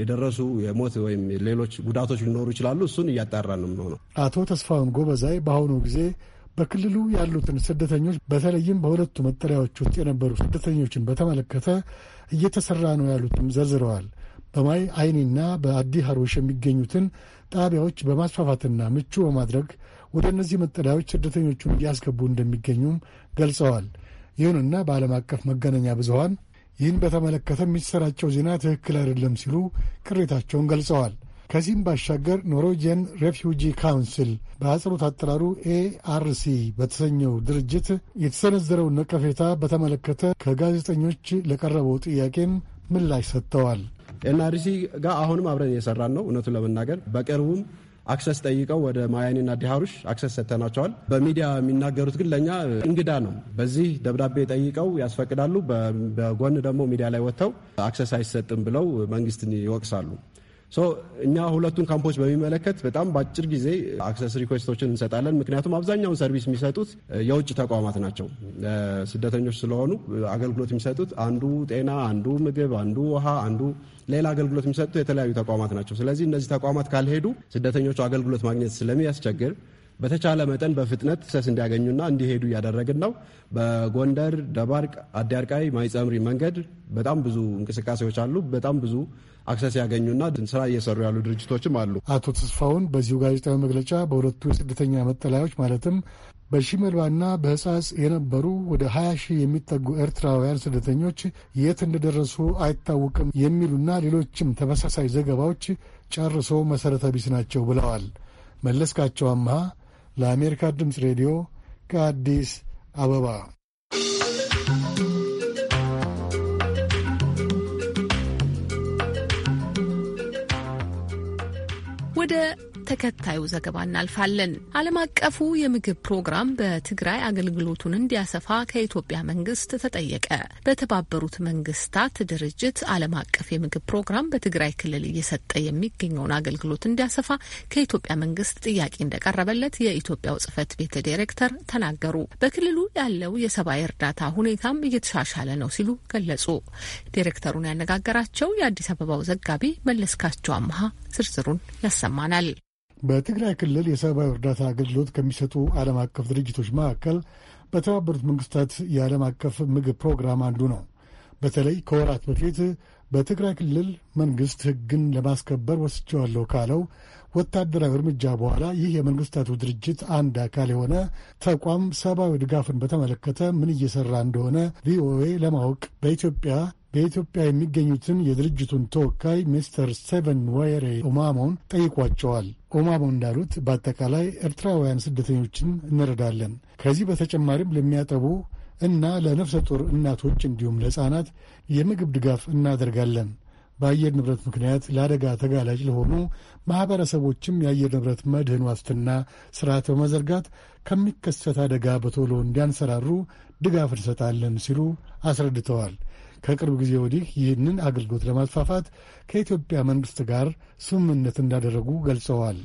የደረሱ የሞት ወይም ሌሎች ጉዳቶች ሊኖሩ ይችላሉ። እሱን እያጣራ ነው አቶ ተስፋውን ጎበዛይ በአሁኑ ጊዜ በክልሉ ያሉትን ስደተኞች በተለይም በሁለቱ መጠለያዎች ውስጥ የነበሩ ስደተኞችን በተመለከተ እየተሰራ ነው ያሉትም ዘርዝረዋል። በማይ አይኒና በአዲ ሀሮሽ የሚገኙትን ጣቢያዎች በማስፋፋትና ምቹ በማድረግ ወደ እነዚህ መጠለያዎች ስደተኞቹን እያስገቡ እንደሚገኙም ገልጸዋል። ይሁንና በዓለም አቀፍ መገናኛ ብዙሀን ይህን በተመለከተ የሚሰራጨው ዜና ትክክል አይደለም ሲሉ ቅሬታቸውን ገልጸዋል። ከዚህም ባሻገር ኖርዌጂያን ሬፊውጂ ካውንስል በአጽሮት አጠራሩ ኤአርሲ በተሰኘው ድርጅት የተሰነዘረውን ነቀፌታ በተመለከተ ከጋዜጠኞች ለቀረበው ጥያቄም ምላሽ ሰጥተዋል። ኤንአርሲ ጋር አሁንም አብረን እየሰራን ነው። እውነቱን ለመናገር በቅርቡም አክሰስ ጠይቀው ወደ ማያኔና ዲሃሩሽ አክሰስ ሰጥተናቸዋል። በሚዲያ የሚናገሩት ግን ለእኛ እንግዳ ነው። በዚህ ደብዳቤ ጠይቀው ያስፈቅዳሉ፣ በጎን ደግሞ ሚዲያ ላይ ወጥተው አክሰስ አይሰጥም ብለው መንግስትን ይወቅሳሉ። እኛ ሁለቱን ካምፖች በሚመለከት በጣም በአጭር ጊዜ አክሰስ ሪኩዌስቶችን እንሰጣለን። ምክንያቱም አብዛኛውን ሰርቪስ የሚሰጡት የውጭ ተቋማት ናቸው። ስደተኞች ስለሆኑ አገልግሎት የሚሰጡት አንዱ ጤና፣ አንዱ ምግብ፣ አንዱ ውሃ፣ አንዱ ሌላ አገልግሎት የሚሰጡት የተለያዩ ተቋማት ናቸው። ስለዚህ እነዚህ ተቋማት ካልሄዱ ስደተኞቹ አገልግሎት ማግኘት ስለሚያስቸግር በተቻለ መጠን በፍጥነት ሰስ እንዲያገኙና እንዲሄዱ እያደረግን ነው። በጎንደር ደባርቅ፣ አዳርቃይ፣ ማይጸምሪ መንገድ በጣም ብዙ እንቅስቃሴዎች አሉ። በጣም ብዙ አክሰስ ያገኙና ስራ እየሰሩ ያሉ ድርጅቶችም አሉ። አቶ ተስፋውን በዚሁ ጋዜጣዊ መግለጫ በሁለቱ የስደተኛ መጠለያዎች ማለትም በሺመልባና በሕፃጽ የነበሩ ወደ 20 ሺህ የሚጠጉ ኤርትራውያን ስደተኞች የት እንደደረሱ አይታወቅም የሚሉና ሌሎችም ተመሳሳይ ዘገባዎች ጨርሶ መሠረተ ቢስ ናቸው ብለዋል። መለስካቸው አምሃ ለአሜሪካ ድምፅ ሬዲዮ ከአዲስ አበባ። ወደ ተከታዩ ዘገባ እናልፋለን። ዓለም አቀፉ የምግብ ፕሮግራም በትግራይ አገልግሎቱን እንዲያሰፋ ከኢትዮጵያ መንግስት ተጠየቀ። በተባበሩት መንግስታት ድርጅት ዓለም አቀፍ የምግብ ፕሮግራም በትግራይ ክልል እየሰጠ የሚገኘውን አገልግሎት እንዲያሰፋ ከኢትዮጵያ መንግስት ጥያቄ እንደቀረበለት የኢትዮጵያው ጽህፈት ቤት ዲሬክተር ተናገሩ። በክልሉ ያለው የሰብአዊ እርዳታ ሁኔታም እየተሻሻለ ነው ሲሉ ገለጹ። ዲሬክተሩን ያነጋገራቸው የአዲስ አበባው ዘጋቢ መለስካቸው አመሃ ዝርዝሩን ያሰማናል። በትግራይ ክልል የሰብአዊ እርዳታ አገልግሎት ከሚሰጡ ዓለም አቀፍ ድርጅቶች መካከል በተባበሩት መንግስታት የዓለም አቀፍ ምግብ ፕሮግራም አንዱ ነው። በተለይ ከወራት በፊት በትግራይ ክልል መንግስት ሕግን ለማስከበር ወስጀዋለሁ ካለው ወታደራዊ እርምጃ በኋላ ይህ የመንግስታቱ ድርጅት አንድ አካል የሆነ ተቋም ሰብአዊ ድጋፍን በተመለከተ ምን እየሰራ እንደሆነ ቪኦኤ ለማወቅ በኢትዮጵያ በኢትዮጵያ የሚገኙትን የድርጅቱን ተወካይ ሚስተር ስቴቨን ዋየሬ ኡማሞን ጠይቋቸዋል። ኦማቦ እንዳሉት በአጠቃላይ ኤርትራውያን ስደተኞችን እንረዳለን። ከዚህ በተጨማሪም ለሚያጠቡ እና ለነፍሰ ጡር እናቶች እንዲሁም ለሕፃናት የምግብ ድጋፍ እናደርጋለን። በአየር ንብረት ምክንያት ለአደጋ ተጋላጭ ለሆኑ ማኅበረሰቦችም የአየር ንብረት መድህን ዋስትና ስርዓት በመዘርጋት ከሚከሰት አደጋ በቶሎ እንዲያንሰራሩ ድጋፍ እንሰጣለን ሲሉ አስረድተዋል። ከቅርብ ጊዜ ወዲህ ይህንን አገልግሎት ለማስፋፋት ከኢትዮጵያ መንግስት ጋር ስምምነት እንዳደረጉ ገልጸዋል።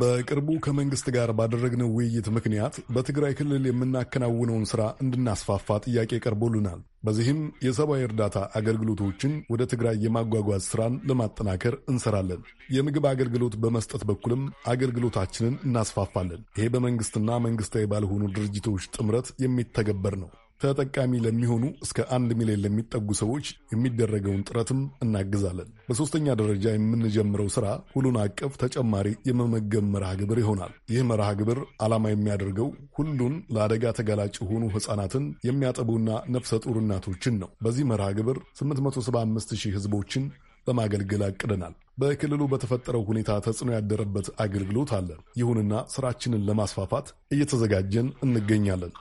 በቅርቡ ከመንግስት ጋር ባደረግነው ውይይት ምክንያት በትግራይ ክልል የምናከናውነውን ስራ እንድናስፋፋ ጥያቄ ቀርቦልናል። በዚህም የሰብአዊ እርዳታ አገልግሎቶችን ወደ ትግራይ የማጓጓዝ ስራን ለማጠናከር እንሰራለን። የምግብ አገልግሎት በመስጠት በኩልም አገልግሎታችንን እናስፋፋለን። ይሄ በመንግስትና መንግስታዊ ባልሆኑ ድርጅቶች ጥምረት የሚተገበር ነው። ተጠቃሚ ለሚሆኑ እስከ አንድ ሚሊዮን ለሚጠጉ ሰዎች የሚደረገውን ጥረትም እናግዛለን። በሶስተኛ ደረጃ የምንጀምረው ስራ ሁሉን አቀፍ ተጨማሪ የመመገብ መርሃ ግብር ይሆናል። ይህ መርሃ ግብር ዓላማ የሚያደርገው ሁሉን ለአደጋ ተጋላጭ የሆኑ ሕፃናትን የሚያጠቡና ነፍሰ ጡር እናቶችን ነው። በዚህ መርሃ ግብር 875 ሺህ ሕዝቦችን ለማገልገል አቅደናል። በክልሉ በተፈጠረው ሁኔታ ተጽዕኖ ያደረበት አገልግሎት አለ። ይሁንና ስራችንን ለማስፋፋት እየተዘጋጀን እንገኛለን።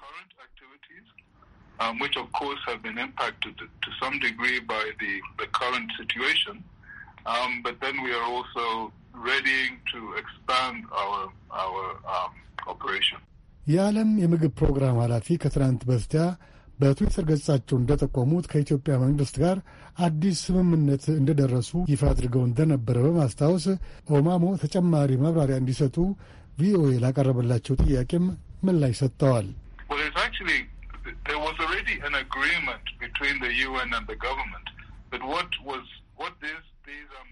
um, which of course have been impacted to some degree by the, the current situation. Um, but then we are also readying to expand our, our um, operation. የዓለም የምግብ ፕሮግራም ኃላፊ ከትናንት በስቲያ በትዊተር ገጻቸው እንደጠቆሙት ከኢትዮጵያ መንግስት ጋር አዲስ ስምምነት እንደደረሱ ይፋ አድርገው እንደነበረ በማስታወስ ኦማሞ ተጨማሪ መብራሪያ እንዲሰጡ ቪኦኤ ላቀረበላቸው ጥያቄም ምላሽ ሰጥተዋል። there was already an agreement between the UN and the government. But what was what this um,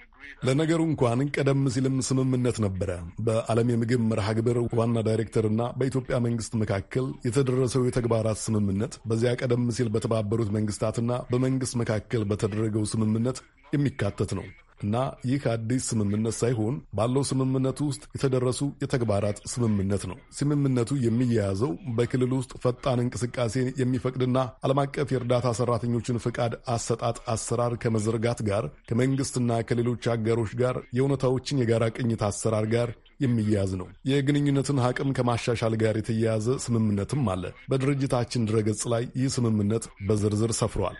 ለነገሩ እንኳን ቀደም ሲልም ስምምነት ነበረ። በዓለም የምግብ መርሃ ግብር ዋና ዳይሬክተርና በኢትዮጵያ መንግስት መካከል የተደረሰው የተግባራት ስምምነት በዚያ ቀደም ሲል በተባበሩት መንግስታትና በመንግስት መካከል በተደረገው ስምምነት የሚካተት ነው። እና ይህ አዲስ ስምምነት ሳይሆን ባለው ስምምነት ውስጥ የተደረሱ የተግባራት ስምምነት ነው። ስምምነቱ የሚያያዘው በክልል ውስጥ ፈጣን እንቅስቃሴ የሚፈቅድና ዓለም አቀፍ የእርዳታ ሰራተኞችን ፈቃድ አሰጣጥ አሰራር ከመዘርጋት ጋር ከመንግስትና ከሌሎች አጋሮች ጋር የእውነታዎችን የጋራ ቅኝት አሰራር ጋር የሚያያዝ ነው። የግንኙነትን አቅም ከማሻሻል ጋር የተያያዘ ስምምነትም አለ። በድርጅታችን ድረገጽ ላይ ይህ ስምምነት በዝርዝር ሰፍሯል።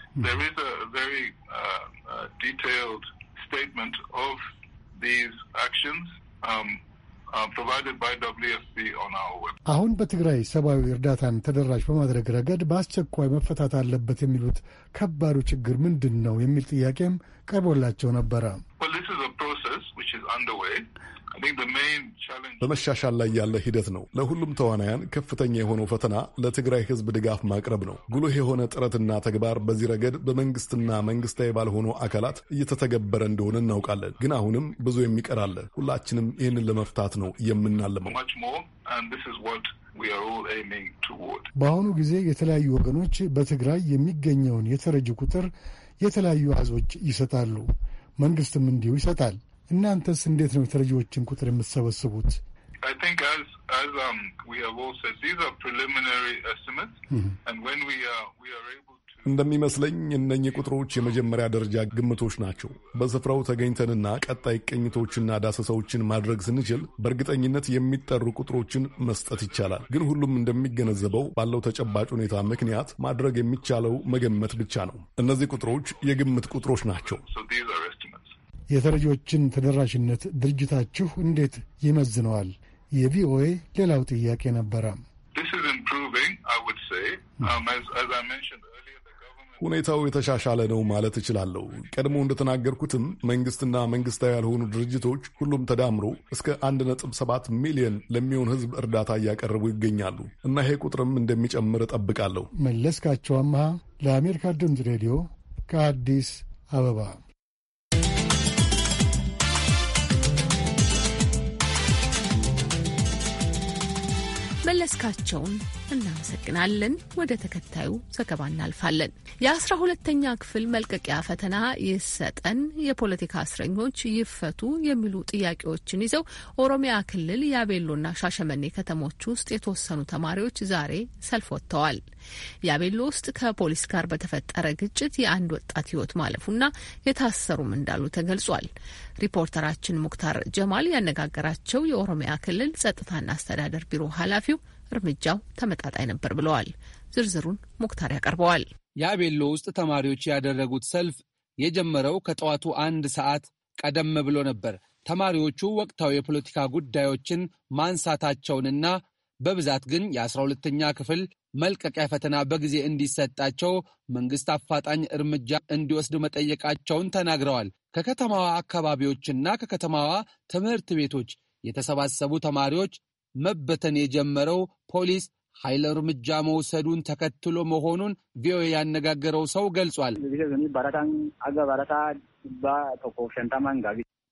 statement of these actions um, uh, provided by WFP on our web. አሁን በትግራይ ሰብአዊ እርዳታን ተደራሽ በማድረግ ረገድ በአስቸኳይ መፈታት አለበት የሚሉት ከባዱ ችግር ምንድን ነው የሚል ጥያቄም ቀርቦላቸው ነበረ። Well, this is a process which is underway. በመሻሻል ላይ ያለ ሂደት ነው። ለሁሉም ተዋናያን ከፍተኛ የሆነው ፈተና ለትግራይ ሕዝብ ድጋፍ ማቅረብ ነው። ጉልህ የሆነ ጥረትና ተግባር በዚህ ረገድ በመንግስትና መንግስታዊ ባልሆኑ አካላት እየተተገበረ እንደሆነ እናውቃለን። ግን አሁንም ብዙ የሚቀር አለ። ሁላችንም ይህንን ለመፍታት ነው የምናልመው። በአሁኑ ጊዜ የተለያዩ ወገኖች በትግራይ የሚገኘውን የተረጂ ቁጥር የተለያዩ አዞች ይሰጣሉ። መንግስትም እንዲሁ ይሰጣል። እናንተስ እንዴት ነው የተረጂዎችን ቁጥር የምትሰበስቡት? Um, mm-hmm. uh, እንደሚመስለኝ እነኚህ ቁጥሮች የመጀመሪያ ደረጃ ግምቶች ናቸው። በስፍራው ተገኝተንና ቀጣይ ቅኝቶችና ዳሰሳዎችን ማድረግ ስንችል በእርግጠኝነት የሚጠሩ ቁጥሮችን መስጠት ይቻላል። ግን ሁሉም እንደሚገነዘበው ባለው ተጨባጭ ሁኔታ ምክንያት ማድረግ የሚቻለው መገመት ብቻ ነው። እነዚህ ቁጥሮች የግምት ቁጥሮች ናቸው። የተረጂዎችን ተደራሽነት ድርጅታችሁ እንዴት ይመዝነዋል? የቪኦኤ ሌላው ጥያቄ ነበረ። um, ሁኔታው የተሻሻለ ነው ማለት እችላለሁ። ቀድሞ እንደተናገርኩትም መንግስትና መንግስታዊ ያልሆኑ ድርጅቶች ሁሉም ተዳምሮ እስከ 1.7 ሚሊዮን ለሚሆን ህዝብ እርዳታ እያቀረቡ ይገኛሉ እና ይሄ ቁጥርም እንደሚጨምር እጠብቃለሁ። መለስካቸው አምሃ ለአሜሪካ ድምፅ ሬዲዮ ከአዲስ አበባ መለስካቸውን እናመሰግናለን። ወደ ተከታዩ ዘገባ እናልፋለን። የአስራ ሁለተኛ ክፍል መልቀቂያ ፈተና ይሰጠን፣ የፖለቲካ እስረኞች ይፈቱ የሚሉ ጥያቄዎችን ይዘው ኦሮሚያ ክልል የአቤሎና ሻሸመኔ ከተሞች ውስጥ የተወሰኑ ተማሪዎች ዛሬ ሰልፍ ወጥተዋል። ያቤሎ ውስጥ ከፖሊስ ጋር በተፈጠረ ግጭት የአንድ ወጣት ሕይወት ማለፉና የታሰሩም እንዳሉ ተገልጿል። ሪፖርተራችን ሙክታር ጀማል ያነጋገራቸው የኦሮሚያ ክልል ጸጥታና አስተዳደር ቢሮ ኃላፊው እርምጃው ተመጣጣኝ ነበር ብለዋል። ዝርዝሩን ሙክታር ያቀርበዋል። ያቤሎ ውስጥ ተማሪዎች ያደረጉት ሰልፍ የጀመረው ከጠዋቱ አንድ ሰዓት ቀደም ብሎ ነበር። ተማሪዎቹ ወቅታዊ የፖለቲካ ጉዳዮችን ማንሳታቸውንና በብዛት ግን የ12ተኛ ክፍል መልቀቂያ ፈተና በጊዜ እንዲሰጣቸው መንግስት አፋጣኝ እርምጃ እንዲወስድ መጠየቃቸውን ተናግረዋል። ከከተማዋ አካባቢዎችና ከከተማዋ ትምህርት ቤቶች የተሰባሰቡ ተማሪዎች መበተን የጀመረው ፖሊስ ኃይል እርምጃ መውሰዱን ተከትሎ መሆኑን ቪኦኤ ያነጋገረው ሰው ገልጿል።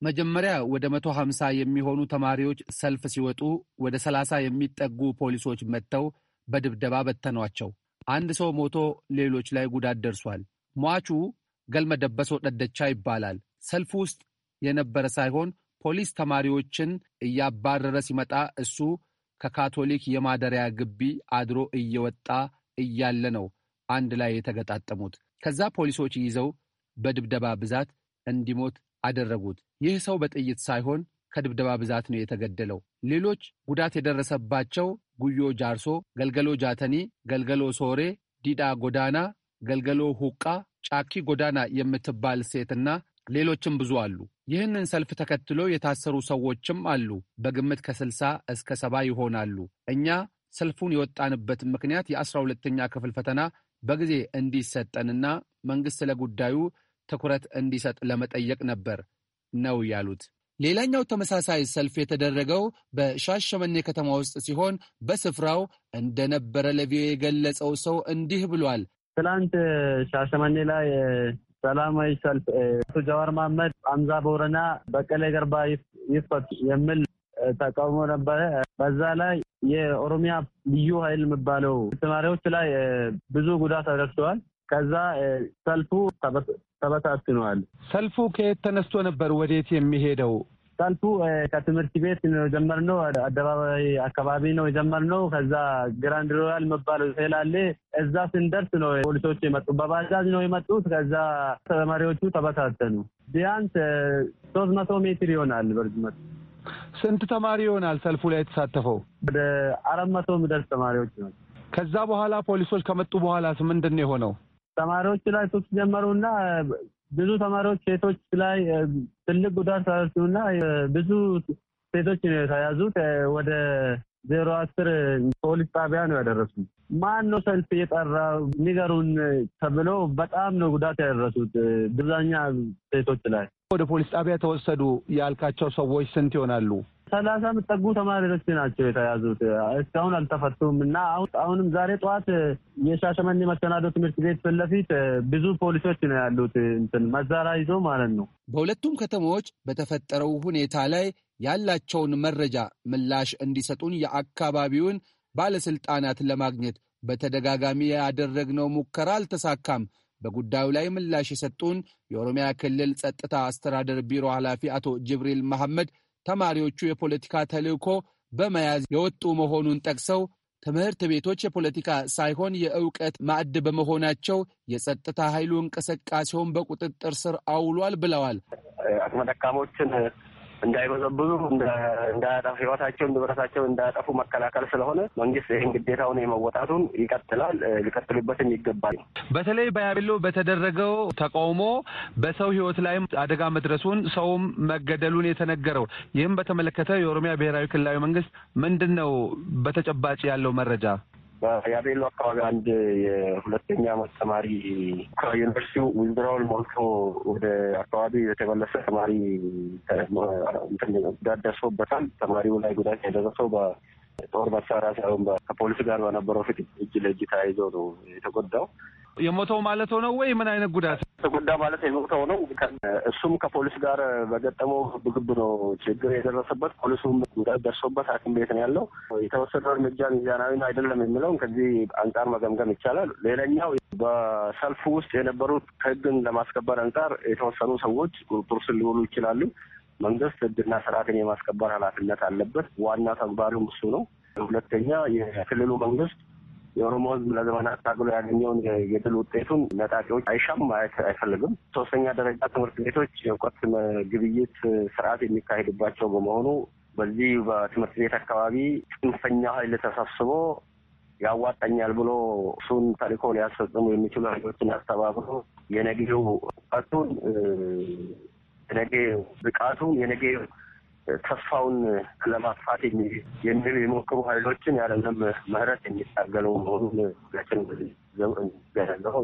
መጀመሪያ ወደ መቶ ሀምሳ የሚሆኑ ተማሪዎች ሰልፍ ሲወጡ ወደ ሰላሳ የሚጠጉ ፖሊሶች መጥተው በድብደባ በተኗቸው። አንድ ሰው ሞቶ ሌሎች ላይ ጉዳት ደርሷል። ሟቹ ገልመ ጠደቻ ደደቻ ይባላል። ሰልፍ ውስጥ የነበረ ሳይሆን ፖሊስ ተማሪዎችን እያባረረ ሲመጣ እሱ ከካቶሊክ የማደሪያ ግቢ አድሮ እየወጣ እያለ ነው አንድ ላይ የተገጣጠሙት። ከዛ ፖሊሶች ይዘው በድብደባ ብዛት እንዲሞት አደረጉት። ይህ ሰው በጥይት ሳይሆን ከድብደባ ብዛት ነው የተገደለው። ሌሎች ጉዳት የደረሰባቸው ጉዮ ጃርሶ፣ ገልገሎ ጃተኒ፣ ገልገሎ ሶሬ፣ ዲዳ ጎዳና፣ ገልገሎ ሁቃ፣ ጫኪ ጎዳና የምትባል ሴትና ሌሎችም ብዙ አሉ። ይህንን ሰልፍ ተከትሎ የታሰሩ ሰዎችም አሉ። በግምት ከ60 እስከ ሰባ ይሆናሉ። እኛ ሰልፉን የወጣንበት ምክንያት የ12ኛ ክፍል ፈተና በጊዜ እንዲሰጠንና መንግሥት ስለ ጉዳዩ ትኩረት እንዲሰጥ ለመጠየቅ ነበር። ነው ያሉት። ሌላኛው ተመሳሳይ ሰልፍ የተደረገው በሻሸመኔ ከተማ ውስጥ ሲሆን በስፍራው እንደነበረ ለቪኦኤ የገለጸው ሰው እንዲህ ብሏል። ትላንት ሻሸመኔ ላይ ሰላማዊ ሰልፍ ጀዋር መሀመድ፣ አምዛ ቦረና፣ በቀለ ገርባ ይፈቱ የሚል ተቃውሞ ነበረ። በዛ ላይ የኦሮሚያ ልዩ ኃይል የሚባለው ተማሪዎች ላይ ብዙ ጉዳት አደርሰዋል። ከዛ ሰልፉ ተበታትኗል። ሰልፉ ከየት ተነስቶ ነበር ወዴት የሚሄደው? ሰልፉ ከትምህርት ቤት ነው የጀመርነው። አደባባይ አካባቢ ነው የጀመርነው። ከዛ ግራንድ ሮያል መባል ሴላሌ እዛ ስንደርስ ነው ፖሊሶች የመጡ። በባጃጅ ነው የመጡት። ከዛ ተማሪዎቹ ተበታተኑ። ቢያንስ ሶስት መቶ ሜትር ይሆናል በርዝመት። ስንት ተማሪ ይሆናል ሰልፉ ላይ የተሳተፈው? ወደ አራት መቶ የሚደርስ ተማሪዎች ነው። ከዛ በኋላ ፖሊሶች ከመጡ በኋላ ምንድን ነው የሆነው? ተማሪዎች ላይ ሱስ እና ብዙ ተማሪዎች ሴቶች ላይ ትልቅ ጉዳት እና ብዙ ሴቶች ነው የተያዙት። ወደ ዜሮ አስር ፖሊስ ጣቢያ ነው ያደረሱ። ማን ነው ሰልፍ የጠራ ንገሩን ተብሎ በጣም ነው ጉዳት ያደረሱት ብዛኛ ሴቶች ላይ ወደ ፖሊስ ጣቢያ ተወሰዱ ያልካቸው ሰዎች ስንት ይሆናሉ? ሰላሳ የምጠጉ ተማሪዎች ናቸው የተያዙት። እስካሁን አልተፈቱም እና አሁንም ዛሬ ጠዋት የሻሸመኔ መሰናዶ ትምህርት ቤት ፊት ለፊት ብዙ ፖሊሶች ነው ያሉት እንትን መዛራ ይዞ ማለት ነው። በሁለቱም ከተሞች በተፈጠረው ሁኔታ ላይ ያላቸውን መረጃ ምላሽ እንዲሰጡን የአካባቢውን ባለስልጣናት ለማግኘት በተደጋጋሚ ያደረግነው ሙከራ አልተሳካም። በጉዳዩ ላይ ምላሽ የሰጡን የኦሮሚያ ክልል ጸጥታ አስተዳደር ቢሮ ኃላፊ አቶ ጅብሪል መሐመድ ተማሪዎቹ የፖለቲካ ተልዕኮ በመያዝ የወጡ መሆኑን ጠቅሰው ትምህርት ቤቶች የፖለቲካ ሳይሆን የእውቀት ማዕድ በመሆናቸው የጸጥታ ኃይሉ እንቅስቃሴውን በቁጥጥር ስር አውሏል ብለዋል። አቅመ ደካሞችን እንዳይበዘብዙ፣ እንዳያጠፉ ህይወታቸውን ንብረታቸውን እንዳያጠፉ መከላከል ስለሆነ መንግስት ይህን ግዴታውን የመወጣቱን ይቀጥላል፣ ሊቀጥሉበትም ይገባል። በተለይ በያቤሎ በተደረገው ተቃውሞ በሰው ህይወት ላይም አደጋ መድረሱን ሰውም መገደሉን የተነገረው ይህም በተመለከተ የኦሮሚያ ብሔራዊ ክልላዊ መንግስት ምንድን ነው በተጨባጭ ያለው መረጃ? በያቤሎ አካባቢ አንድ የሁለተኛ ዓመት ተማሪ ከዩኒቨርሲቲው ዊዝድራውል ሞልቶ ወደ አካባቢ የተመለሰ ተማሪ ጉዳት ደርሶበታል። ተማሪው ላይ ጉዳት የደረሰው ጦር መሳሪያ ሳይሆን ከፖሊስ ጋር በነበረው ፊት እጅ ለእጅ ተያይዞ ነው የተጎዳው። የሞተው ማለት ሆነው ወይ ምን አይነት ጉዳት ተጎዳ ማለት የሞተው ነው። እሱም ከፖሊስ ጋር በገጠመው ግብግብ ነው ችግር የደረሰበት። ፖሊሱም ጉዳት ደርሶበት ሐኪም ቤት ነው ያለው። የተወሰደው እርምጃ ሚዛናዊ አይደለም የሚለውን ከዚህ አንጻር መገምገም ይቻላል። ሌላኛው በሰልፉ ውስጥ የነበሩት ህግን ለማስከበር አንጻር የተወሰኑ ሰዎች ቁጥጥር ስር ሊውሉ ይችላሉ። መንግስት ህግና ስርዓትን የማስከበር ኃላፊነት አለበት። ዋና ተግባሪውም እሱ ነው። ሁለተኛ የክልሉ መንግስት የኦሮሞ ህዝብ ለዘመናት ታግሎ ያገኘውን የድል ውጤቱን ነጣቂዎች አይሻም፣ ማየት አይፈልግም። ሶስተኛ ደረጃ ትምህርት ቤቶች የእውቀት ግብይት ስርዓት የሚካሄድባቸው በመሆኑ በዚህ በትምህርት ቤት አካባቢ ጽንፈኛ ኃይል ተሰብስቦ ያዋጣኛል ብሎ እሱን ተልዕኮ ሊያስፈጽሙ የሚችሉ ኃይሎችን አስተባብሮ የነገው እውቀቱን የነገ ብቃቱ የነገ ተስፋውን ለማጥፋት የሚል የሞክሩ ኃይሎችን ያለምንም ምህረት የሚታገሉ መሆኑን ሁላችን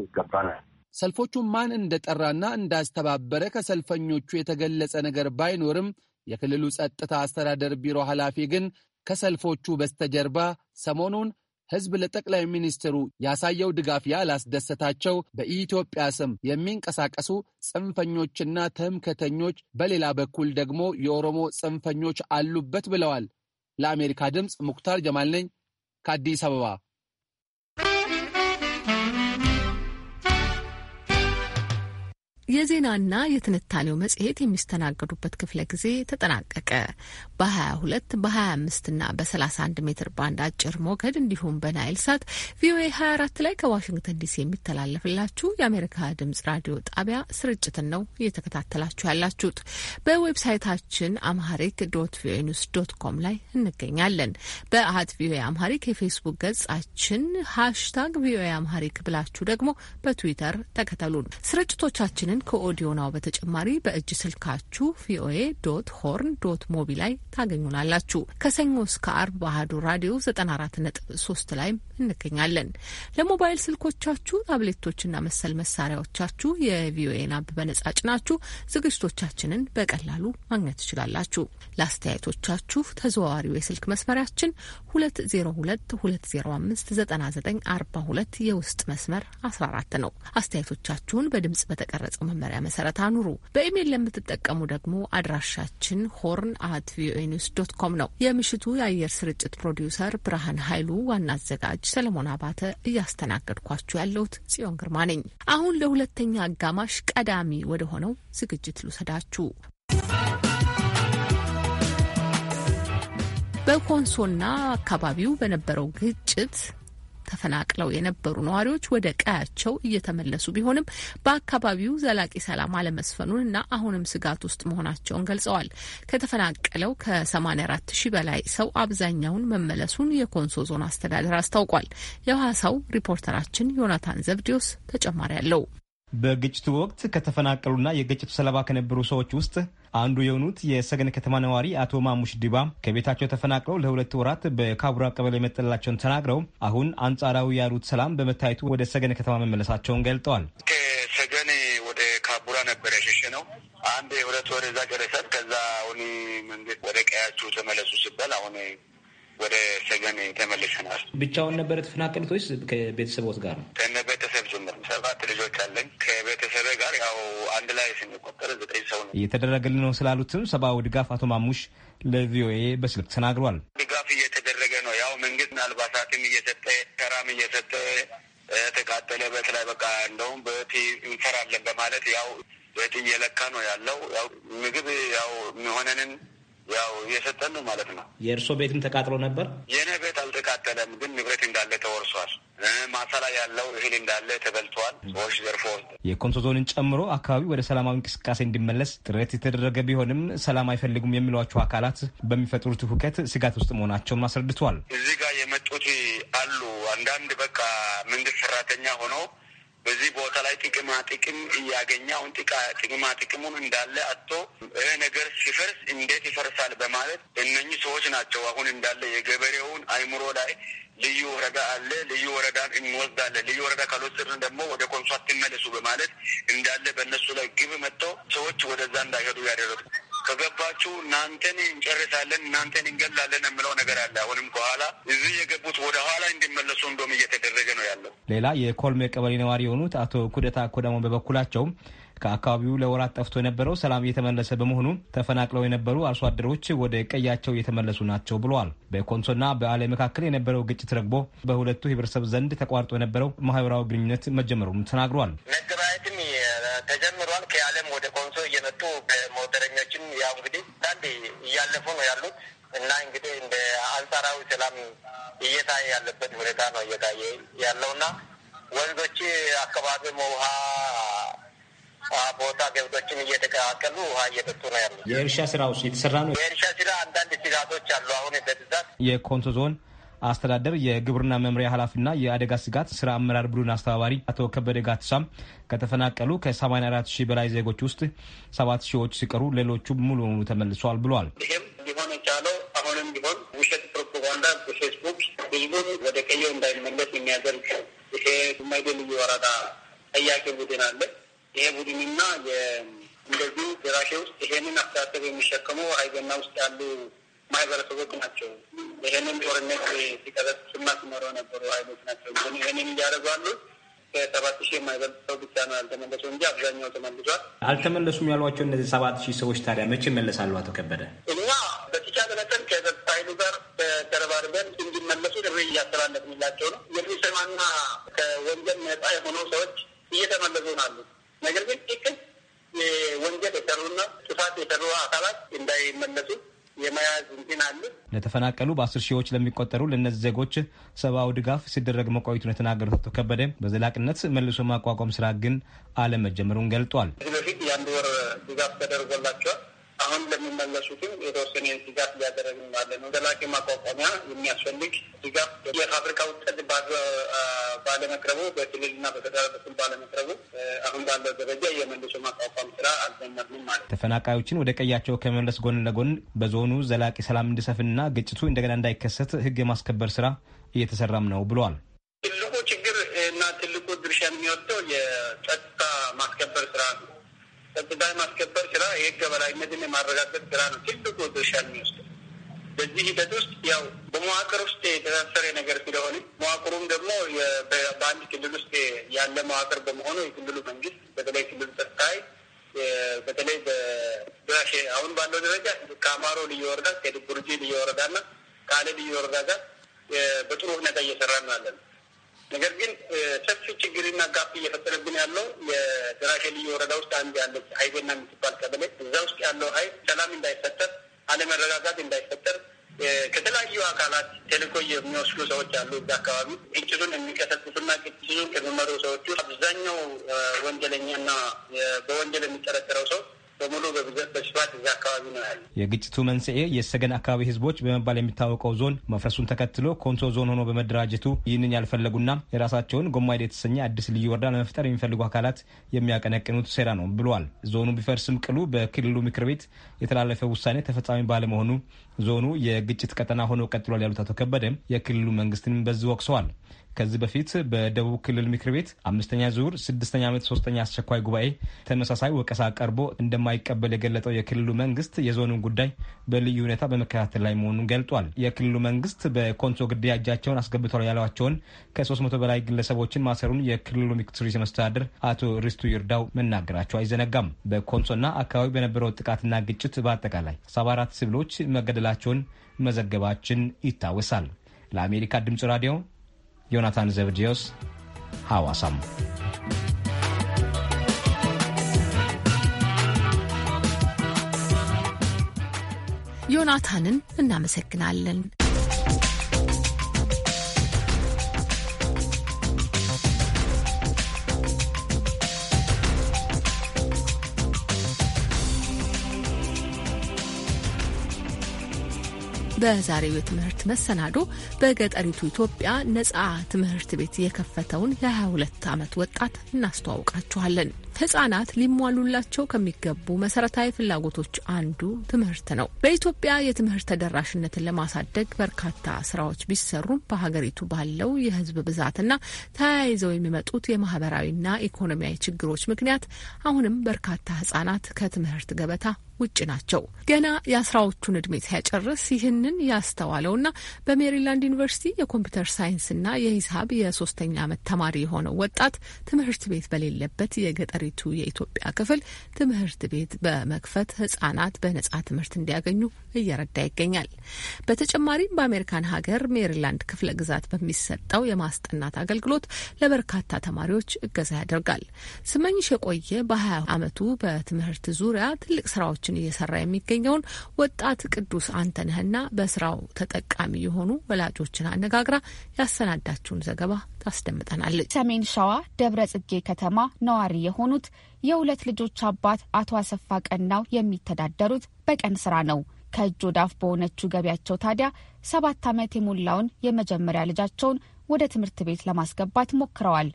ይገባናል። ሰልፎቹ ማን እንደጠራና እንዳስተባበረ ከሰልፈኞቹ የተገለጸ ነገር ባይኖርም የክልሉ ጸጥታ አስተዳደር ቢሮ ኃላፊ ግን ከሰልፎቹ በስተጀርባ ሰሞኑን ህዝብ ለጠቅላይ ሚኒስትሩ ያሳየው ድጋፍ ያላስደሰታቸው በኢትዮጵያ ስም የሚንቀሳቀሱ ጽንፈኞችና ተምከተኞች በሌላ በኩል ደግሞ የኦሮሞ ጽንፈኞች አሉበት ብለዋል። ለአሜሪካ ድምፅ ሙክታር ጀማል ነኝ ከአዲስ አበባ። የዜናና የትንታኔው መጽሔት የሚስተናገዱበት ክፍለ ጊዜ ተጠናቀቀ። በ22 በ25ና በ31 ሜትር ባንድ አጭር ሞገድ እንዲሁም በናይል ሳት ቪኦኤ 24 ላይ ከዋሽንግተን ዲሲ የሚተላለፍላችሁ የአሜሪካ ድምጽ ራዲዮ ጣቢያ ስርጭትን ነው እየተከታተላችሁ ያላችሁት። በዌብሳይታችን አምሃሪክ ዶት ቪኦኤ ኒውስ ዶት ኮም ላይ እንገኛለን። በአት ቪኦኤ አምሃሪክ የፌስቡክ ገጻችን ሃሽታግ ቪኦኤ አምሃሪክ ብላችሁ ደግሞ በትዊተር ተከተሉን። ስርጭቶቻችንን ፕሮግራማችንን ከኦዲዮ ናው በተጨማሪ በእጅ ስልካችሁ ቪኦኤ ዶት ሆርን ዶት ሞቢ ላይ ታገኙናላችሁ። ከሰኞ እስከ አርብ በአህዱ ራዲዮ 94.3 ላይ እንገኛለን። ለሞባይል ስልኮቻችሁ፣ ታብሌቶችና መሰል መሳሪያዎቻችሁ የቪኦኤን አፕ በነጻ ጭናችሁ ዝግጅቶቻችንን በቀላሉ ማግኘት ትችላላችሁ። ለአስተያየቶቻችሁ ተዘዋዋሪው የስልክ መስመሪያችን 2022059942 የውስጥ መስመር 14 ነው። አስተያየቶቻችሁን በድምጽ በተቀረጸው መመሪያ መሰረት አኑሩ። በኢሜይል ለምትጠቀሙ ደግሞ አድራሻችን ሆርን አት ቪኦኤ ኒውስ ዶት ኮም ነው። የምሽቱ የአየር ስርጭት ፕሮዲውሰር ብርሃን ኃይሉ ዋና አዘጋጅ ሰለሞን አባተ እያስተናገድኳችሁ ያለሁት ጽዮን ግርማ ነኝ። አሁን ለሁለተኛ አጋማሽ ቀዳሚ ወደ ሆነው ዝግጅት ልውሰዳችሁ። በኮንሶና አካባቢው በነበረው ግጭት ተፈናቅለው የነበሩ ነዋሪዎች ወደ ቀያቸው እየተመለሱ ቢሆንም በአካባቢው ዘላቂ ሰላም አለመስፈኑን እና አሁንም ስጋት ውስጥ መሆናቸውን ገልጸዋል። ከተፈናቀለው ከ84 በላይ ሰው አብዛኛውን መመለሱን የኮንሶ ዞን አስተዳደር አስታውቋል። የሐዋሳው ሪፖርተራችን ዮናታን ዘብዲዮስ ተጨማሪ አለው። በግጭቱ ወቅት ከተፈናቀሉና የግጭቱ ሰለባ ከነበሩ ሰዎች ውስጥ አንዱ የሆኑት የሰገን ከተማ ነዋሪ አቶ ማሙሽ ዲባ ከቤታቸው ተፈናቅለው ለሁለት ወራት በካቡራ ቀበሌ መጠለላቸውን ተናግረው አሁን አንጻራዊ ያሉት ሰላም በመታየቱ ወደ ሰገን ከተማ መመለሳቸውን ገልጠዋል። ከሰገን ወደ ካቡራ ነበረ ሸሸ ነው። አንድ የሁለት ወር እዛ ጨረሰን። ከዛ አሁን መንግስት ወደ ቀያችሁ ተመለሱ ሲባል አሁን ወደ ሰገን ተመልሰናል። ብቻውን ነበረ የተፈናቀሉት ወይስ ከቤተሰቦት ጋር ነው? ከነ ቤተሰብ ጭምር ሰባት ልጆች አለኝ። ከቤተሰብ ጋር ያው አንድ ላይ ስንቆጠር ዘጠኝ ሰው ነው። እየተደረገልን ነው ስላሉትም ሰብአዊ ድጋፍ አቶ ማሙሽ ለቪኦኤ በስልክ ተናግሯል። ድጋፍ እየተደረገ ነው። ያው መንግስት አልባሳትም እየሰጠ ከራም እየሰጠ የተቃጠለ በት ላይ በቃ እንደውም በቲ እንፈራለን በማለት ያው በት እየለካ ነው ያለው። ያው ምግብ ያው የሚሆነንን ያው እየሰጠን ነው ማለት ነው። የእርሶ ቤትም ተቃጥሎ ነበር? የእኔ ቤት አልተቃጠለም፣ ግን ንብረት እንዳለ ተወርሷል። ማሳ ላይ ያለው እህል እንዳለ ተበልተዋል። ሰዎች ዘርፎ የኮንሶ ዞንን ጨምሮ አካባቢ ወደ ሰላማዊ እንቅስቃሴ እንዲመለስ ጥረት የተደረገ ቢሆንም ሰላም አይፈልጉም የሚሏቸው አካላት በሚፈጥሩት ሁከት ስጋት ውስጥ መሆናቸውን አስረድተዋል። እዚህ ጋር የመጡት አሉ። አንዳንድ በቃ መንግስት ሰራተኛ ሆኖ በዚህ ቦታ ላይ ጥቅማ ጥቅም እያገኘ አሁን ጥቅማ ጥቅሙን እንዳለ አቶ ይህ ነገር ሲፈርስ እንዴት ይፈርሳል በማለት እነኚህ ሰዎች ናቸው አሁን እንዳለ የገበሬውን አይምሮ ላይ ልዩ ወረዳ አለ፣ ልዩ ወረዳን እንወስዳለን፣ ልዩ ወረዳ ካልወሰድን ደግሞ ወደ ኮንሶ አትመለሱ በማለት እንዳለ በእነሱ ላይ ግብ መጥተው ሰዎች ወደዛ እንዳይሄዱ ያደረጉ ከገባችሁ እናንተን እንጨርሳለን፣ እናንተን እንገላለን የምለው ነገር አለ። አሁንም ከኋላ እዚህ የገቡት ወደ ኋላ እንዲመለሱ እንደም እየተደረገ ነው ያለው። ሌላ የኮልሜ ቀበሌ ነዋሪ የሆኑት አቶ ኩደታ ኮዳሞ በበኩላቸው ከአካባቢው ለወራት ጠፍቶ የነበረው ሰላም እየተመለሰ በመሆኑ ተፈናቅለው የነበሩ አርሶ አደሮች ወደ ቀያቸው እየተመለሱ ናቸው ብለዋል። በኮንሶና በአሌ መካከል የነበረው ግጭት ረግቦ በሁለቱ ህብረተሰብ ዘንድ ተቋርጦ የነበረው ማህበራዊ ግንኙነት መጀመሩም ተናግሯል። መገባየትም ተጀምሯል። ከአለም ወደ ኮንሶ እየመጡ በሞተረኛ እያለፉ ነው ያሉት እና እንግዲህ እንደ አንጻራዊ ሰላም እየታየ ያለበት ሁኔታ ነው እየታየ ያለውና ወንዞች አካባቢም ውሃ ቦታ ገብቶችን እየተቀላቀሉ ውሃ እየጠጡ ነው ያሉት። የእርሻ ስራ ውስጥ የተሰራ ነው። የእርሻ ስራ አንዳንድ ስጋቶች አሉ። አሁን በብዛት የኮንሶ ዞን አስተዳደር የግብርና መምሪያ ኃላፊና የአደጋ ስጋት ስራ አመራር ቡድን አስተባባሪ አቶ ከበደ ጋትሳም ከተፈናቀሉ ከ84 ሺህ በላይ ዜጎች ውስጥ 7 ሺዎች ሲቀሩ ሌሎቹ ሙሉ በሙሉ ተመልሷል ብለዋል። ሊሆን አሁንም ቢሆን ህዝቡን ወደ ቀየው እንዳይመለስ የሚያደርግ ይሄ ጉማይደ ልዩ ወረዳ ጠያቂ ቡድን አለ። ይሄ ቡድንና እንደዚህ ደራሼ ውስጥ ይሄንን አስተሳሰብ የሚሸከሙ ሀይገና ውስጥ ያሉ ማህበረሰቦች ናቸው። ይህንን ጦርነት ሲቀረጽ ሽማት ስማስመረው ነበሩ ሀይሎች ናቸው። ግን ይህንን እያደረጉ ያሉት ከሰባት ሺህ የማይበልጥ ሰው ብቻ ነው ያልተመለሰው እንጂ አብዛኛው ተመልሷል። አልተመለሱም ያሏቸው እነዚህ ሰባት ሺህ ሰዎች ታዲያ መቼ መለሳሉ? አቶ ከበደ እኛ በተቻለ መጠን ከጸጥታ ኃይሉ ጋር በተረባርበን እንዲመለሱ ጥሪ እያስተላለፍንላቸው ነው። የሚሰማና ከወንጀል ነጻ የሆነው ሰዎች እየተመለሱ ናሉ። ነገር ግን ትክክል የወንጀል የሰሩና ጥፋት የሰሩ አካላት እንዳይመለሱ የመያዝ እንትን አለ። ለተፈናቀሉ በአስር ሺዎች ለሚቆጠሩ ለእነዚህ ዜጎች ሰብአዊ ድጋፍ ሲደረግ መቆየቱን የተናገሩት አቶ ከበደ በዘላቅነት መልሶ ማቋቋም ስራ ግን አለመጀመሩን ገልጧል። በፊት የአንድ ወር ድጋፍ ተደርጎላቸዋል። አሁን ለሚመለሱትም የተወሰነ ድጋፍ እያደረግን ባለ ነው። ዘላቂ ማቋቋሚያ የሚያስፈልግ ድጋፍ የፋብሪካ ውጠት ባለመቅረቡ በክልልና በፌደራል በኩል ባለመቅረቡ አሁን ባለው ደረጃ የመልሶ ማቋቋም ስራ አልጀመርንም ማለት ነው። ተፈናቃዮችን ወደ ቀያቸው ከመለስ ጎን ለጎን በዞኑ ዘላቂ ሰላም እንዲሰፍንና ግጭቱ እንደገና እንዳይከሰት ህግ የማስከበር ስራ እየተሰራም ነው ብሏል። ትልቁ ችግር እና ትልቁ ድርሻ የሚወስደው የጸጥታ ማስከበር ስራ ነው። ጸጥታ የማስከበር ስራ የህግ የበላይነትን የማረጋገጥ ስራ ነው ትልቁ ድርሻ የሚወስድ። በዚህ ሂደት ውስጥ ያው በመዋቅር ውስጥ የተሳሰረ ነገር ስለሆነ መዋቅሩም ደግሞ በአንድ ክልል ውስጥ ያለ መዋቅር በመሆኑ የክልሉ መንግስት በተለይ ክልል ጸጥታ በተለይ በድራሽ አሁን ባለው ደረጃ ከአማሮ ልዩ ወረዳ፣ ከድቡርጂ ልዩ ወረዳና ከአለ ልዩ ወረዳ ጋር በጥሩ ሁኔታ እየሰራ ነው ያለ ነገር ግን ሰፊ ችግርና ጋፍ እየፈጠረብን ያለው የደራሼ ልዩ ወረዳ ውስጥ አንድ ያለች አይቤና የምትባል ቀበሌ እዛ ውስጥ ያለው ሀይል ሰላም እንዳይፈጠር፣ አለመረጋጋት እንዳይፈጠር ከተለያዩ አካላት ቴሌኮ የሚወስዱ ሰዎች አሉ። እዛ አካባቢ ግጭቱን የሚቀሰቅሱና ግጭቱን ከሚመሩ ሰዎቹ አብዛኛው ወንጀለኛና በወንጀል የሚጠረጠረው ሰው በሙሉ በብዛት በስፋት እዚ አካባቢ ነው ያለ። የግጭቱ መንስኤ የሰገን አካባቢ ህዝቦች በመባል የሚታወቀው ዞን መፍረሱን ተከትሎ ኮንሶ ዞን ሆኖ በመደራጀቱ ይህንን ያልፈለጉና የራሳቸውን ጎማይድ የተሰኘ አዲስ ልዩ ወረዳ ለመፍጠር የሚፈልጉ አካላት የሚያቀነቅኑት ሴራ ነው ብለዋል። ዞኑ ቢፈርስም ቅሉ በክልሉ ምክር ቤት የተላለፈ ውሳኔ ተፈጻሚ ባለመሆኑ ዞኑ የግጭት ቀጠና ሆኖ ቀጥሏል ያሉት አቶ ከበደ የክልሉ መንግስትን በዚህ ወቅሰዋል። ከዚህ በፊት በደቡብ ክልል ምክር ቤት አምስተኛ ዙር ስድስተኛ ዓመት ሶስተኛ አስቸኳይ ጉባኤ ተመሳሳይ ወቀሳ ቀርቦ እንደማይቀበል የገለጠው የክልሉ መንግስት የዞኑን ጉዳይ በልዩ ሁኔታ በመከታተል ላይ መሆኑን ገልጧል። የክልሉ መንግስት በኮንሶ ግድያ እጃቸውን አስገብተል ያሏቸውን ከ መቶ በላይ ግለሰቦችን ማሰሩን የክልሉ ምክትል ርዕሰ መስተዳድር አቶ ሪስቱ ይርዳው መናገራቸው አይዘነጋም። በኮንሶና አካባቢ በነበረው ጥቃትና ግጭት በአጠቃላይ ሰባ አራት ሲቪሎች መገደላቸውን መዘገባችን ይታወሳል። ለአሜሪካ ድምፅ ራዲዮ ዮናታን ዘብዲዮስ ሐዋሳም ዮናታንን እናመሰግናለን። በዛሬው የትምህርት መሰናዶ በገጠሪቱ ኢትዮጵያ ነጻ ትምህርት ቤት የከፈተውን የ22 ዓመት ወጣት እናስተዋውቃችኋለን። ህጻናት ሊሟሉላቸው ከሚገቡ መሰረታዊ ፍላጎቶች አንዱ ትምህርት ነው። በኢትዮጵያ የትምህርት ተደራሽነትን ለማሳደግ በርካታ ስራዎች ቢሰሩም በሀገሪቱ ባለው የህዝብ ብዛትና ተያይዘው የሚመጡት የማህበራዊና ኢኮኖሚያዊ ችግሮች ምክንያት አሁንም በርካታ ህጻናት ከትምህርት ገበታ ውጭ ናቸው። ገና የአስራዎቹን እድሜ ሲያጨርስ ይህንን ያስተዋለውና በሜሪላንድ ዩኒቨርሲቲ የኮምፒውተር ሳይንስና የሂሳብ የሶስተኛ ዓመት ተማሪ የሆነው ወጣት ትምህርት ቤት በሌለበት የገጠሪቱ የኢትዮጵያ ክፍል ትምህርት ቤት በመክፈት ህጻናት በነጻ ትምህርት እንዲያገኙ እየረዳ ይገኛል። በተጨማሪም በአሜሪካን ሀገር ሜሪላንድ ክፍለ ግዛት በሚሰጠው የማስጠናት አገልግሎት ለበርካታ ተማሪዎች እገዛ ያደርጋል። ስመኝሽ የቆየ በ አመቱ ዓመቱ በትምህርት ዙሪያ ትልቅ ስራዎች ስራዎችን እየሰራ የሚገኘውን ወጣት ቅዱስ አንተነህና በስራው ተጠቃሚ የሆኑ ወላጆችን አነጋግራ ያሰናዳችውን ዘገባ ታስደምጠናለች። ሰሜን ሸዋ ደብረ ጽጌ ከተማ ነዋሪ የሆኑት የሁለት ልጆች አባት አቶ አሰፋ ቀናው የሚተዳደሩት በቀን ስራ ነው። ከእጅ ወዳፍ በሆነችው ገቢያቸው ታዲያ ሰባት ዓመት የሞላውን የመጀመሪያ ልጃቸውን ወደ ትምህርት ቤት ለማስገባት ሞክረዋል።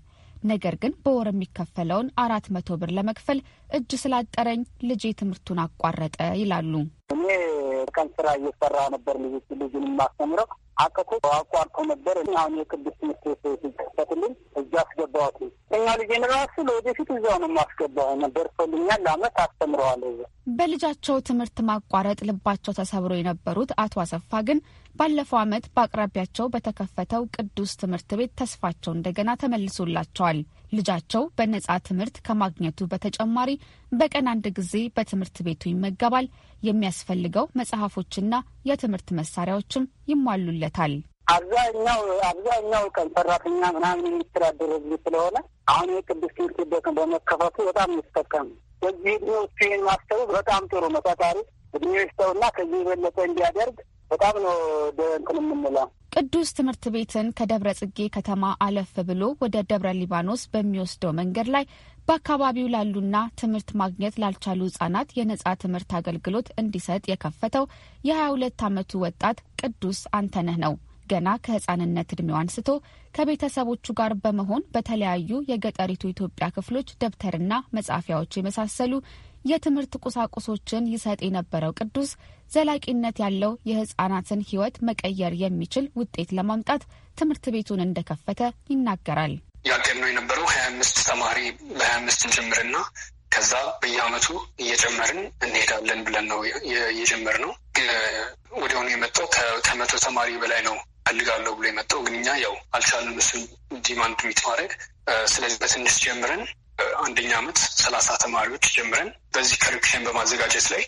ነገር ግን በወር የሚከፈለውን አራት መቶ ብር ለመክፈል እጅ ስላጠረኝ ልጄ ትምህርቱን አቋረጠ ይላሉ። እኔ ቀን ስራ እየሰራ ነበር ልጅ ልጅን የማስተምረው አቀኩ አቋርጦ ነበር። አሁን የቅዱስ ትምህርት ቤት ሲከፈትልኝ እዛ አስገባዋት። እኛ ልጄን ራሱ ለወደፊት እዛው ነው የማስገባው ነበር ሶልኛል ለአመት አስተምረዋል። በልጃቸው ትምህርት ማቋረጥ ልባቸው ተሰብሮ የነበሩት አቶ አሰፋ ግን ባለፈው ዓመት በአቅራቢያቸው በተከፈተው ቅዱስ ትምህርት ቤት ተስፋቸው እንደገና ተመልሶላቸዋል። ልጃቸው በነጻ ትምህርት ከማግኘቱ በተጨማሪ በቀን አንድ ጊዜ በትምህርት ቤቱ ይመገባል። የሚያስፈልገው መጽሐፎችና የትምህርት መሳሪያዎችም ይሟሉለታል። አብዛኛው አብዛኛው ቀን ሰራተኛ ምናምን የሚተዳደረ ስለሆነ አሁን የቅዱስ ትምህርት ቤት በመከፈቱ በጣም ይጠቀሙ። በዚህ ዕድሜ ውስጥ ማስተቡ በጣም ጥሩ ነው። ፈጣሪ ዕድሜ ይስጠውና ከዚህ የበለጠ እንዲያደርግ በጣም ነው እንትን የምንለው። ቅዱስ ትምህርት ቤትን ከደብረ ጽጌ ከተማ አለፍ ብሎ ወደ ደብረ ሊባኖስ በሚወስደው መንገድ ላይ በአካባቢው ላሉና ትምህርት ማግኘት ላልቻሉ ህጻናት የነጻ ትምህርት አገልግሎት እንዲሰጥ የከፈተው የ22 ዓመቱ ወጣት ቅዱስ አንተነህ ነው። ገና ከህጻንነት እድሜው አንስቶ ከቤተሰቦቹ ጋር በመሆን በተለያዩ የገጠሪቱ ኢትዮጵያ ክፍሎች ደብተርና መጻፊያዎች የመሳሰሉ የትምህርት ቁሳቁሶችን ይሰጥ የነበረው ቅዱስ ዘላቂነት ያለው የህጻናትን ህይወት መቀየር የሚችል ውጤት ለማምጣት ትምህርት ቤቱን እንደከፈተ ይናገራል። ያገድ ነው የነበረው ሀያ አምስት ተማሪ በሀያ አምስት ጀምርና ከዛ በየአመቱ እየጀመርን እንሄዳለን ብለን ነው እየጀመር ነው። ወዲያውኑ የመጣው ከመቶ ተማሪ በላይ ነው ፈልጋለሁ ብሎ የመጣው ግን እኛ ያው አልቻልንም እሱን ዲማንድ ሚት ማድረግ። ስለዚህ በትንሽ ጀምረን አንደኛ ዓመት ሰላሳ ተማሪዎች ጀምረን በዚህ ከሪክሽን በማዘጋጀት ላይ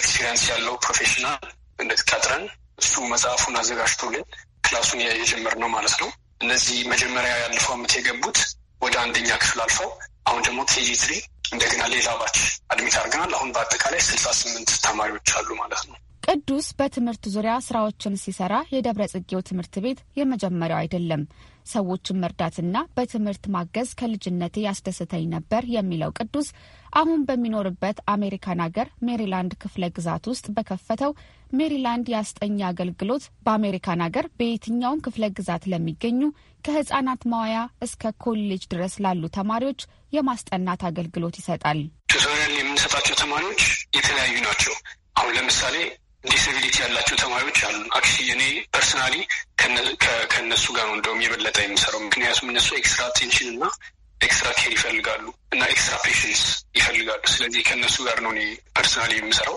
ኤክስፒሪንስ ያለው ፕሮፌሽናል እንደዚህ ቀጥረን እሱ መጽሐፉን አዘጋጅቶልን ክላሱን ነው ማለት ነው። እነዚህ መጀመሪያ ያለፈው አመት የገቡት ወደ አንደኛ ክፍል አልፈው አሁን ደግሞ ኬጂ ትሪ እንደገና ሌላ ባች አድሚት አድርገናል። አሁን በአጠቃላይ ስልሳ ስምንት ተማሪዎች አሉ ማለት ነው። ቅዱስ በትምህርት ዙሪያ ስራዎችን ሲሰራ የደብረ ጽጌው ትምህርት ቤት የመጀመሪያው አይደለም። ሰዎችን መርዳትና በትምህርት ማገዝ ከልጅነቴ ያስደስተኝ ነበር የሚለው ቅዱስ አሁን በሚኖርበት አሜሪካን ሀገር ሜሪላንድ ክፍለ ግዛት ውስጥ በከፈተው ሜሪላንድ የአስጠኛ አገልግሎት በአሜሪካን ሀገር በየትኛውም ክፍለ ግዛት ለሚገኙ ከህጻናት ማዋያ እስከ ኮሌጅ ድረስ ላሉ ተማሪዎች የማስጠናት አገልግሎት ይሰጣል። ቱቶሪያል የምንሰጣቸው ተማሪዎች የተለያዩ ናቸው። አሁን ለምሳሌ ዲስቢሊቲ ያላቸው ተማሪዎች አሉ። አክሽ እኔ ፐርሰናሊ ከእነሱ ጋር ነው እንደውም የበለጠ የሚሰራው ምክንያቱም እነሱ ኤክስትራ ቴንሽን እና ኤክስትራ ኬር ይፈልጋሉ እና ኤክስትራ ፔሽንስ ይፈልጋሉ። ስለዚህ ከእነሱ ጋር ነው እኔ ፐርሰናሊ የምሰራው።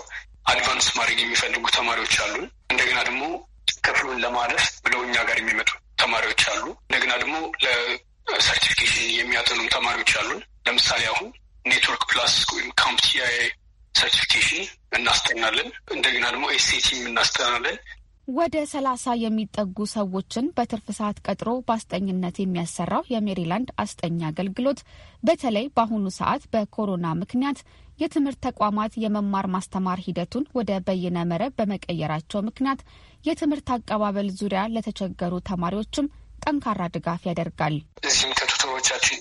አድቫንስ ማድረግ የሚፈልጉ ተማሪዎች አሉን። እንደገና ደግሞ ክፍሉን ለማለፍ ብለው እኛ ጋር የሚመጡ ተማሪዎች አሉ። እንደገና ደግሞ ለሰርቲፊኬሽን የሚያጠኑም ተማሪዎች አሉ። ለምሳሌ አሁን ኔትወርክ ፕላስ ወይም ካምፕቲያ ሰርቲፊኬሽን እናስጠናለን። እንደገና ደግሞ ኤስቲቲም እናስጠናለን። ወደ ሰላሳ የሚጠጉ ሰዎችን በትርፍ ሰዓት ቀጥሮ በአስጠኝነት የሚያሰራው የሜሪላንድ አስጠኝ አገልግሎት በተለይ በአሁኑ ሰዓት በኮሮና ምክንያት የትምህርት ተቋማት የመማር ማስተማር ሂደቱን ወደ በይነ መረብ በመቀየራቸው ምክንያት የትምህርት አቀባበል ዙሪያ ለተቸገሩ ተማሪዎችም ጠንካራ ድጋፍ ያደርጋል። እዚህም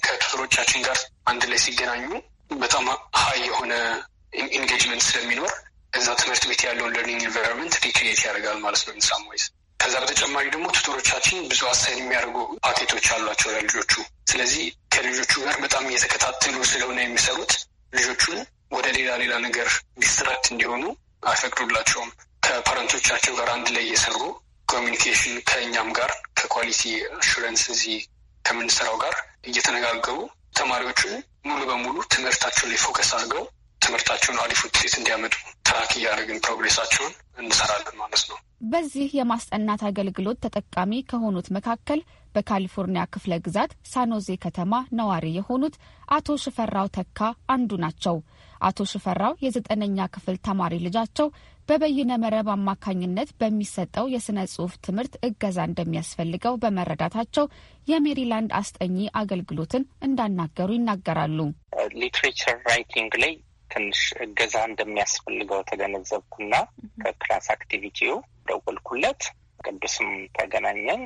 ከቱተሮቻችን ጋር አንድ ላይ ሲገናኙ በጣም ሀይ የሆነ ኢንጌጅመንት ስለሚኖር እዛ ትምህርት ቤት ያለውን ለርኒንግ ኢንቫይሮንመንት ሪክሬት ያደርጋል ማለት ነው ኢንሳምዌይዝ። ከዛ በተጨማሪ ደግሞ ቱቶሮቻችን ብዙ አሳይን የሚያደርጉ ፓኬቶች አሏቸው ለልጆቹ። ስለዚህ ከልጆቹ ጋር በጣም እየተከታተሉ ስለሆነ የሚሰሩት ልጆቹን ወደ ሌላ ሌላ ነገር ዲስትራክት እንዲሆኑ አይፈቅዱላቸውም። ከፓረንቶቻቸው ጋር አንድ ላይ እየሰሩ ኮሚኒኬሽን ከእኛም ጋር ከኳሊቲ አሹረንስ እዚህ ከምንሰራው ጋር እየተነጋገሩ ተማሪዎቹን ሙሉ በሙሉ ትምህርታቸው ላይ ፎከስ አድርገው ትምህርታቸውን አሪፍ ውጤት እንዲያመጡ ትራክ እያደረግን ፕሮግሬሳቸውን እንሰራለን ማለት ነው። በዚህ የማስጠናት አገልግሎት ተጠቃሚ ከሆኑት መካከል በካሊፎርኒያ ክፍለ ግዛት ሳኖዜ ከተማ ነዋሪ የሆኑት አቶ ሽፈራው ተካ አንዱ ናቸው። አቶ ሽፈራው የዘጠነኛ ክፍል ተማሪ ልጃቸው በበይነ መረብ አማካኝነት በሚሰጠው የሥነ ጽሑፍ ትምህርት እገዛ እንደሚያስፈልገው በመረዳታቸው የሜሪላንድ አስጠኚ አገልግሎትን እንዳናገሩ ይናገራሉ። ሊትሬቸር ራይቲንግ ላይ ትንሽ እገዛ እንደሚያስፈልገው ተገነዘብኩና ከክላስ አክቲቪቲው ደወልኩለት። ቅዱስም ተገናኘኝ።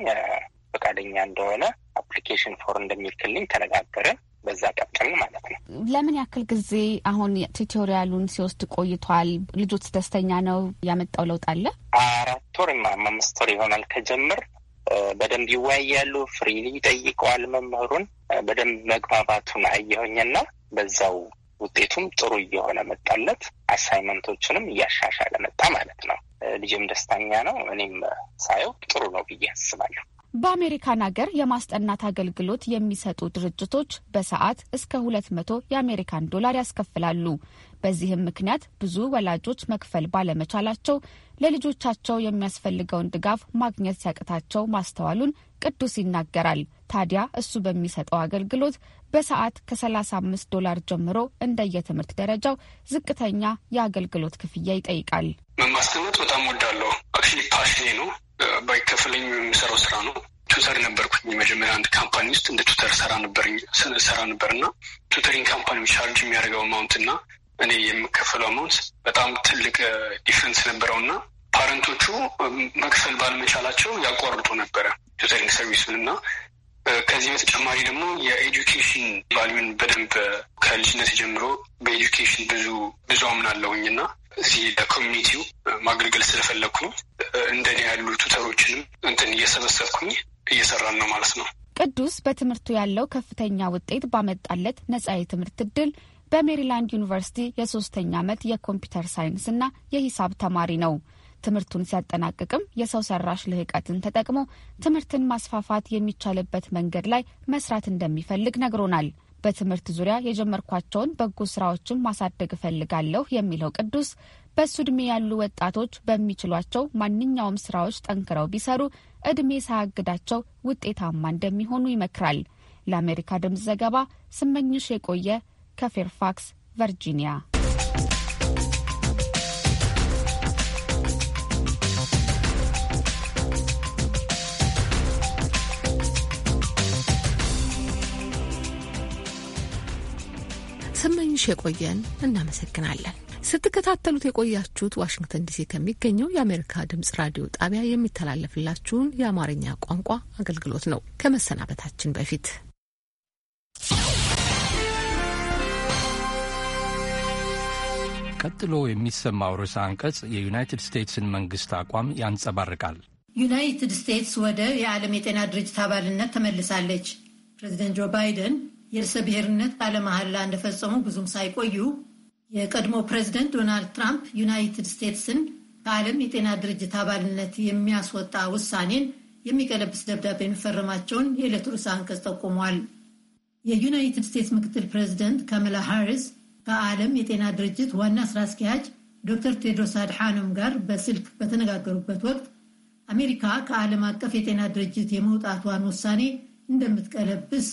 ፈቃደኛ እንደሆነ አፕሊኬሽን ፎር እንደሚልክልኝ ተነጋገርን። በዛ ቀጥል ማለት ነው። ለምን ያክል ጊዜ አሁን ቱቶሪያሉን ሲወስድ ቆይቷል? ልጆች ደስተኛ ነው? ያመጣው ለውጥ አለ? አራት ወር አምስት ወር ይሆናል ከጀምር በደንብ ይወያያሉ። ፍሪሊ ይጠይቀዋል መምህሩን። በደንብ መግባባቱን አየሁኝና በዛው ውጤቱም ጥሩ እየሆነ መጣለት። አሳይመንቶችንም እያሻሻለ መጣ ማለት ነው። ልጅም ደስተኛ ነው። እኔም ሳየው ጥሩ ነው ብዬ አስባለሁ። በአሜሪካን ሀገር የማስጠናት አገልግሎት የሚሰጡ ድርጅቶች በሰዓት እስከ 200 የአሜሪካን ዶላር ያስከፍላሉ። በዚህም ምክንያት ብዙ ወላጆች መክፈል ባለመቻላቸው ለልጆቻቸው የሚያስፈልገውን ድጋፍ ማግኘት ሲያቅታቸው ማስተዋሉን ቅዱስ ይናገራል። ታዲያ እሱ በሚሰጠው አገልግሎት በሰዓት ከ35 ዶላር ጀምሮ እንደየትምህርት ደረጃው ዝቅተኛ የአገልግሎት ክፍያ ይጠይቃል። ማስቀመጥ በጣም ወዳለሁ አክቹዋሊ ፓሽኔ ነው። ባይከፈለኝ የሚሰራው ስራ ነው። ቱተር ነበርኩኝ። መጀመሪያ አንድ ካምፓኒ ውስጥ እንደ ቱተር ሰራ ነበር ሰራ ነበር እና ቱተሪንግ ካምፓኒ ቻርጅ የሚያደርገው አማውንት እና እኔ የምከፈለው አማውንት በጣም ትልቅ ዲፍረንስ ነበረው እና ፓረንቶቹ መክፈል ባለመቻላቸው ያቋርጡ ነበረ ቱተሪንግ ሰርቪሱን እና ከዚህ በተጨማሪ ደግሞ የኤጁኬሽን ቫሊዩን በደንብ ከልጅነት ጀምሮ በኤዱኬሽን ብዙ ብዙ አምናለሁኝ እና እዚህ ለኮሚኒቲው ማገልገል ስለፈለግኩ ነው። እንደኔ ያሉ ቱተሮችንም እንትን እየሰበሰብኩኝ እየሰራን ነው ማለት ነው። ቅዱስ በትምህርቱ ያለው ከፍተኛ ውጤት ባመጣለት ነጻ የትምህርት እድል በሜሪላንድ ዩኒቨርሲቲ የሶስተኛ ዓመት የኮምፒውተር ሳይንስ እና የሂሳብ ተማሪ ነው። ትምህርቱን ሲያጠናቅቅም የሰው ሰራሽ ልህቀትን ተጠቅሞ ትምህርትን ማስፋፋት የሚቻልበት መንገድ ላይ መስራት እንደሚፈልግ ነግሮናል። በትምህርት ዙሪያ የጀመርኳቸውን በጎ ስራዎችን ማሳደግ እፈልጋለሁ የሚለው ቅዱስ በእሱ ዕድሜ ያሉ ወጣቶች በሚችሏቸው ማንኛውም ስራዎች ጠንክረው ቢሰሩ እድሜ ሳያግዳቸው ውጤታማ እንደሚሆኑ ይመክራል። ለአሜሪካ ድምፅ ዘገባ ስመኝሽ የቆየ ከፌርፋክስ ቨርጂኒያ። ስንሽ የቆየን እናመሰግናለን። ስትከታተሉት የቆያችሁት ዋሽንግተን ዲሲ ከሚገኘው የአሜሪካ ድምጽ ራዲዮ ጣቢያ የሚተላለፍላችሁን የአማርኛ ቋንቋ አገልግሎት ነው። ከመሰናበታችን በፊት ቀጥሎ የሚሰማው ርዕሰ አንቀጽ የዩናይትድ ስቴትስን መንግስት አቋም ያንጸባርቃል። ዩናይትድ ስቴትስ ወደ የዓለም የጤና ድርጅት አባልነት ተመልሳለች። ፕሬዚደንት ጆ ባይደን የእርሰ ብሔርነት ቃለ መሐላ እንደፈጸሙ ብዙም ሳይቆዩ የቀድሞ ፕሬዚደንት ዶናልድ ትራምፕ ዩናይትድ ስቴትስን ከዓለም የጤና ድርጅት አባልነት የሚያስወጣ ውሳኔን የሚቀለብስ ደብዳቤ መፈረማቸውን የዕለቱ ርዕሰ አንቀጽ ጠቁሟል። የዩናይትድ ስቴትስ ምክትል ፕሬዚደንት ከመላ ሃሪስ ከዓለም የጤና ድርጅት ዋና ስራ አስኪያጅ ዶክተር ቴድሮስ አድሓኖም ጋር በስልክ በተነጋገሩበት ወቅት አሜሪካ ከዓለም አቀፍ የጤና ድርጅት የመውጣቷን ውሳኔ እንደምትቀለብስ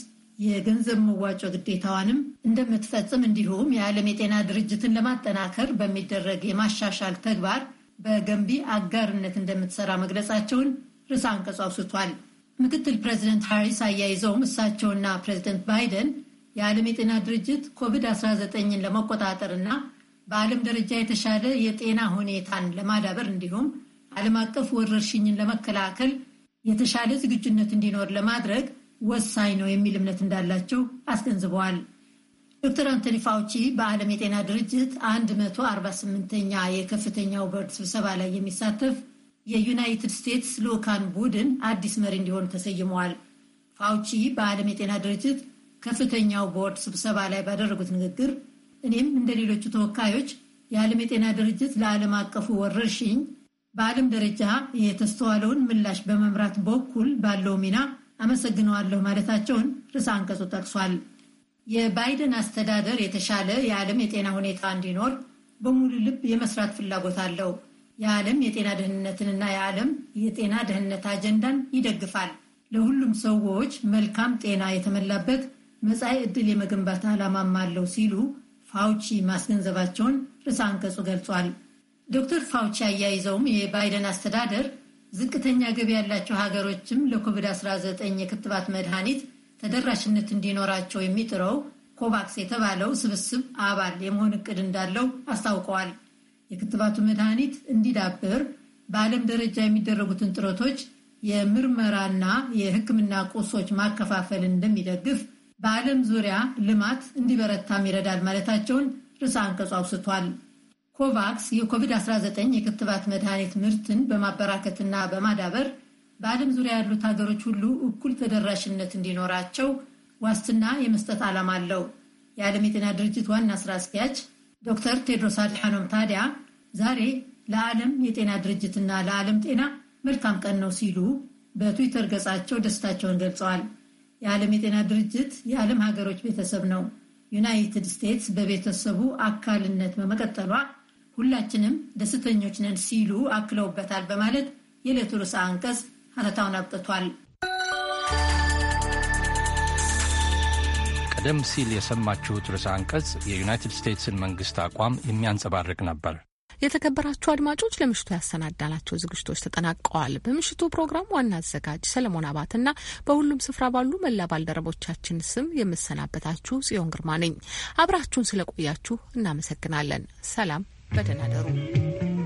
የገንዘብ መዋጮ ግዴታዋንም እንደምትፈጽም እንዲሁም የዓለም የጤና ድርጅትን ለማጠናከር በሚደረግ የማሻሻል ተግባር በገንቢ አጋርነት እንደምትሰራ መግለጻቸውን ርዕሰ አንቀጹ አውስቷል። ምክትል ፕሬዚደንት ሃሪስ አያይዘውም እሳቸውና ፕሬዚደንት ባይደን የዓለም የጤና ድርጅት ኮቪድ-19ን ለመቆጣጠር እና በዓለም ደረጃ የተሻለ የጤና ሁኔታን ለማዳበር እንዲሁም ዓለም አቀፍ ወረርሽኝን ለመከላከል የተሻለ ዝግጁነት እንዲኖር ለማድረግ ወሳኝ ነው የሚል እምነት እንዳላቸው አስገንዝበዋል። ዶክተር አንቶኒ ፋውቺ በዓለም የጤና ድርጅት 148ኛ የከፍተኛው ቦርድ ስብሰባ ላይ የሚሳተፍ የዩናይትድ ስቴትስ ሎካን ቡድን አዲስ መሪ እንዲሆኑ ተሰይመዋል። ፋውቺ በዓለም የጤና ድርጅት ከፍተኛው ቦርድ ስብሰባ ላይ ባደረጉት ንግግር እኔም እንደ ሌሎቹ ተወካዮች የዓለም የጤና ድርጅት ለዓለም አቀፉ ወረርሽኝ በዓለም ደረጃ የተስተዋለውን ምላሽ በመምራት በኩል ባለው ሚና አመሰግነዋለሁ ማለታቸውን ርዕሰ አንቀጹ ጠቅሷል። የባይደን አስተዳደር የተሻለ የዓለም የጤና ሁኔታ እንዲኖር በሙሉ ልብ የመስራት ፍላጎት አለው። የዓለም የጤና ደህንነትንና የዓለም የጤና ደህንነት አጀንዳን ይደግፋል። ለሁሉም ሰዎች መልካም ጤና የተመላበት መጻኢ ዕድል የመገንባት ዓላማም አለው ሲሉ ፋውቺ ማስገንዘባቸውን ርዕሰ አንቀጹ ገልጿል። ዶክተር ፋውቺ አያይዘውም የባይደን አስተዳደር ዝቅተኛ ገቢ ያላቸው ሀገሮችም ለኮቪድ-19 የክትባት መድኃኒት ተደራሽነት እንዲኖራቸው የሚጥረው ኮቫክስ የተባለው ስብስብ አባል የመሆን እቅድ እንዳለው አስታውቀዋል። የክትባቱ መድኃኒት እንዲዳብር በዓለም ደረጃ የሚደረጉትን ጥረቶች የምርመራና የሕክምና ቁሶች ማከፋፈል እንደሚደግፍ በዓለም ዙሪያ ልማት እንዲበረታም ይረዳል ማለታቸውን ርዕሰ አንቀጹ አውስቷል። ኮቫክስ የኮቪድ-19 የክትባት መድኃኒት ምርትን በማበራከትና በማዳበር በዓለም ዙሪያ ያሉት ሀገሮች ሁሉ እኩል ተደራሽነት እንዲኖራቸው ዋስትና የመስጠት ዓላማ አለው። የዓለም የጤና ድርጅት ዋና ስራ አስኪያጅ ዶክተር ቴድሮስ አድሓኖም ታዲያ ዛሬ ለዓለም የጤና ድርጅትና ለዓለም ጤና መልካም ቀን ነው ሲሉ በትዊተር ገጻቸው ደስታቸውን ገልጸዋል። የዓለም የጤና ድርጅት የዓለም ሀገሮች ቤተሰብ ነው። ዩናይትድ ስቴትስ በቤተሰቡ አካልነት በመቀጠሏ ሁላችንም ደስተኞች ነን ሲሉ አክለውበታል በማለት የዕለቱ ርዕሰ አንቀጽ ሀተታውን አብቅቷል። ቀደም ሲል የሰማችሁት ርዕሰ አንቀጽ የዩናይትድ ስቴትስን መንግስት አቋም የሚያንጸባርቅ ነበር። የተከበራችሁ አድማጮች ለምሽቱ ያሰናዳናቸው ዝግጅቶች ተጠናቀዋል። በምሽቱ ፕሮግራም ዋና አዘጋጅ ሰለሞን አባትና በሁሉም ስፍራ ባሉ መላ ባልደረቦቻችን ስም የምሰናበታችሁ ጽዮን ግርማ ነኝ። አብራችሁን ስለቆያችሁ እናመሰግናለን። ሰላም። በደህና ደሩ።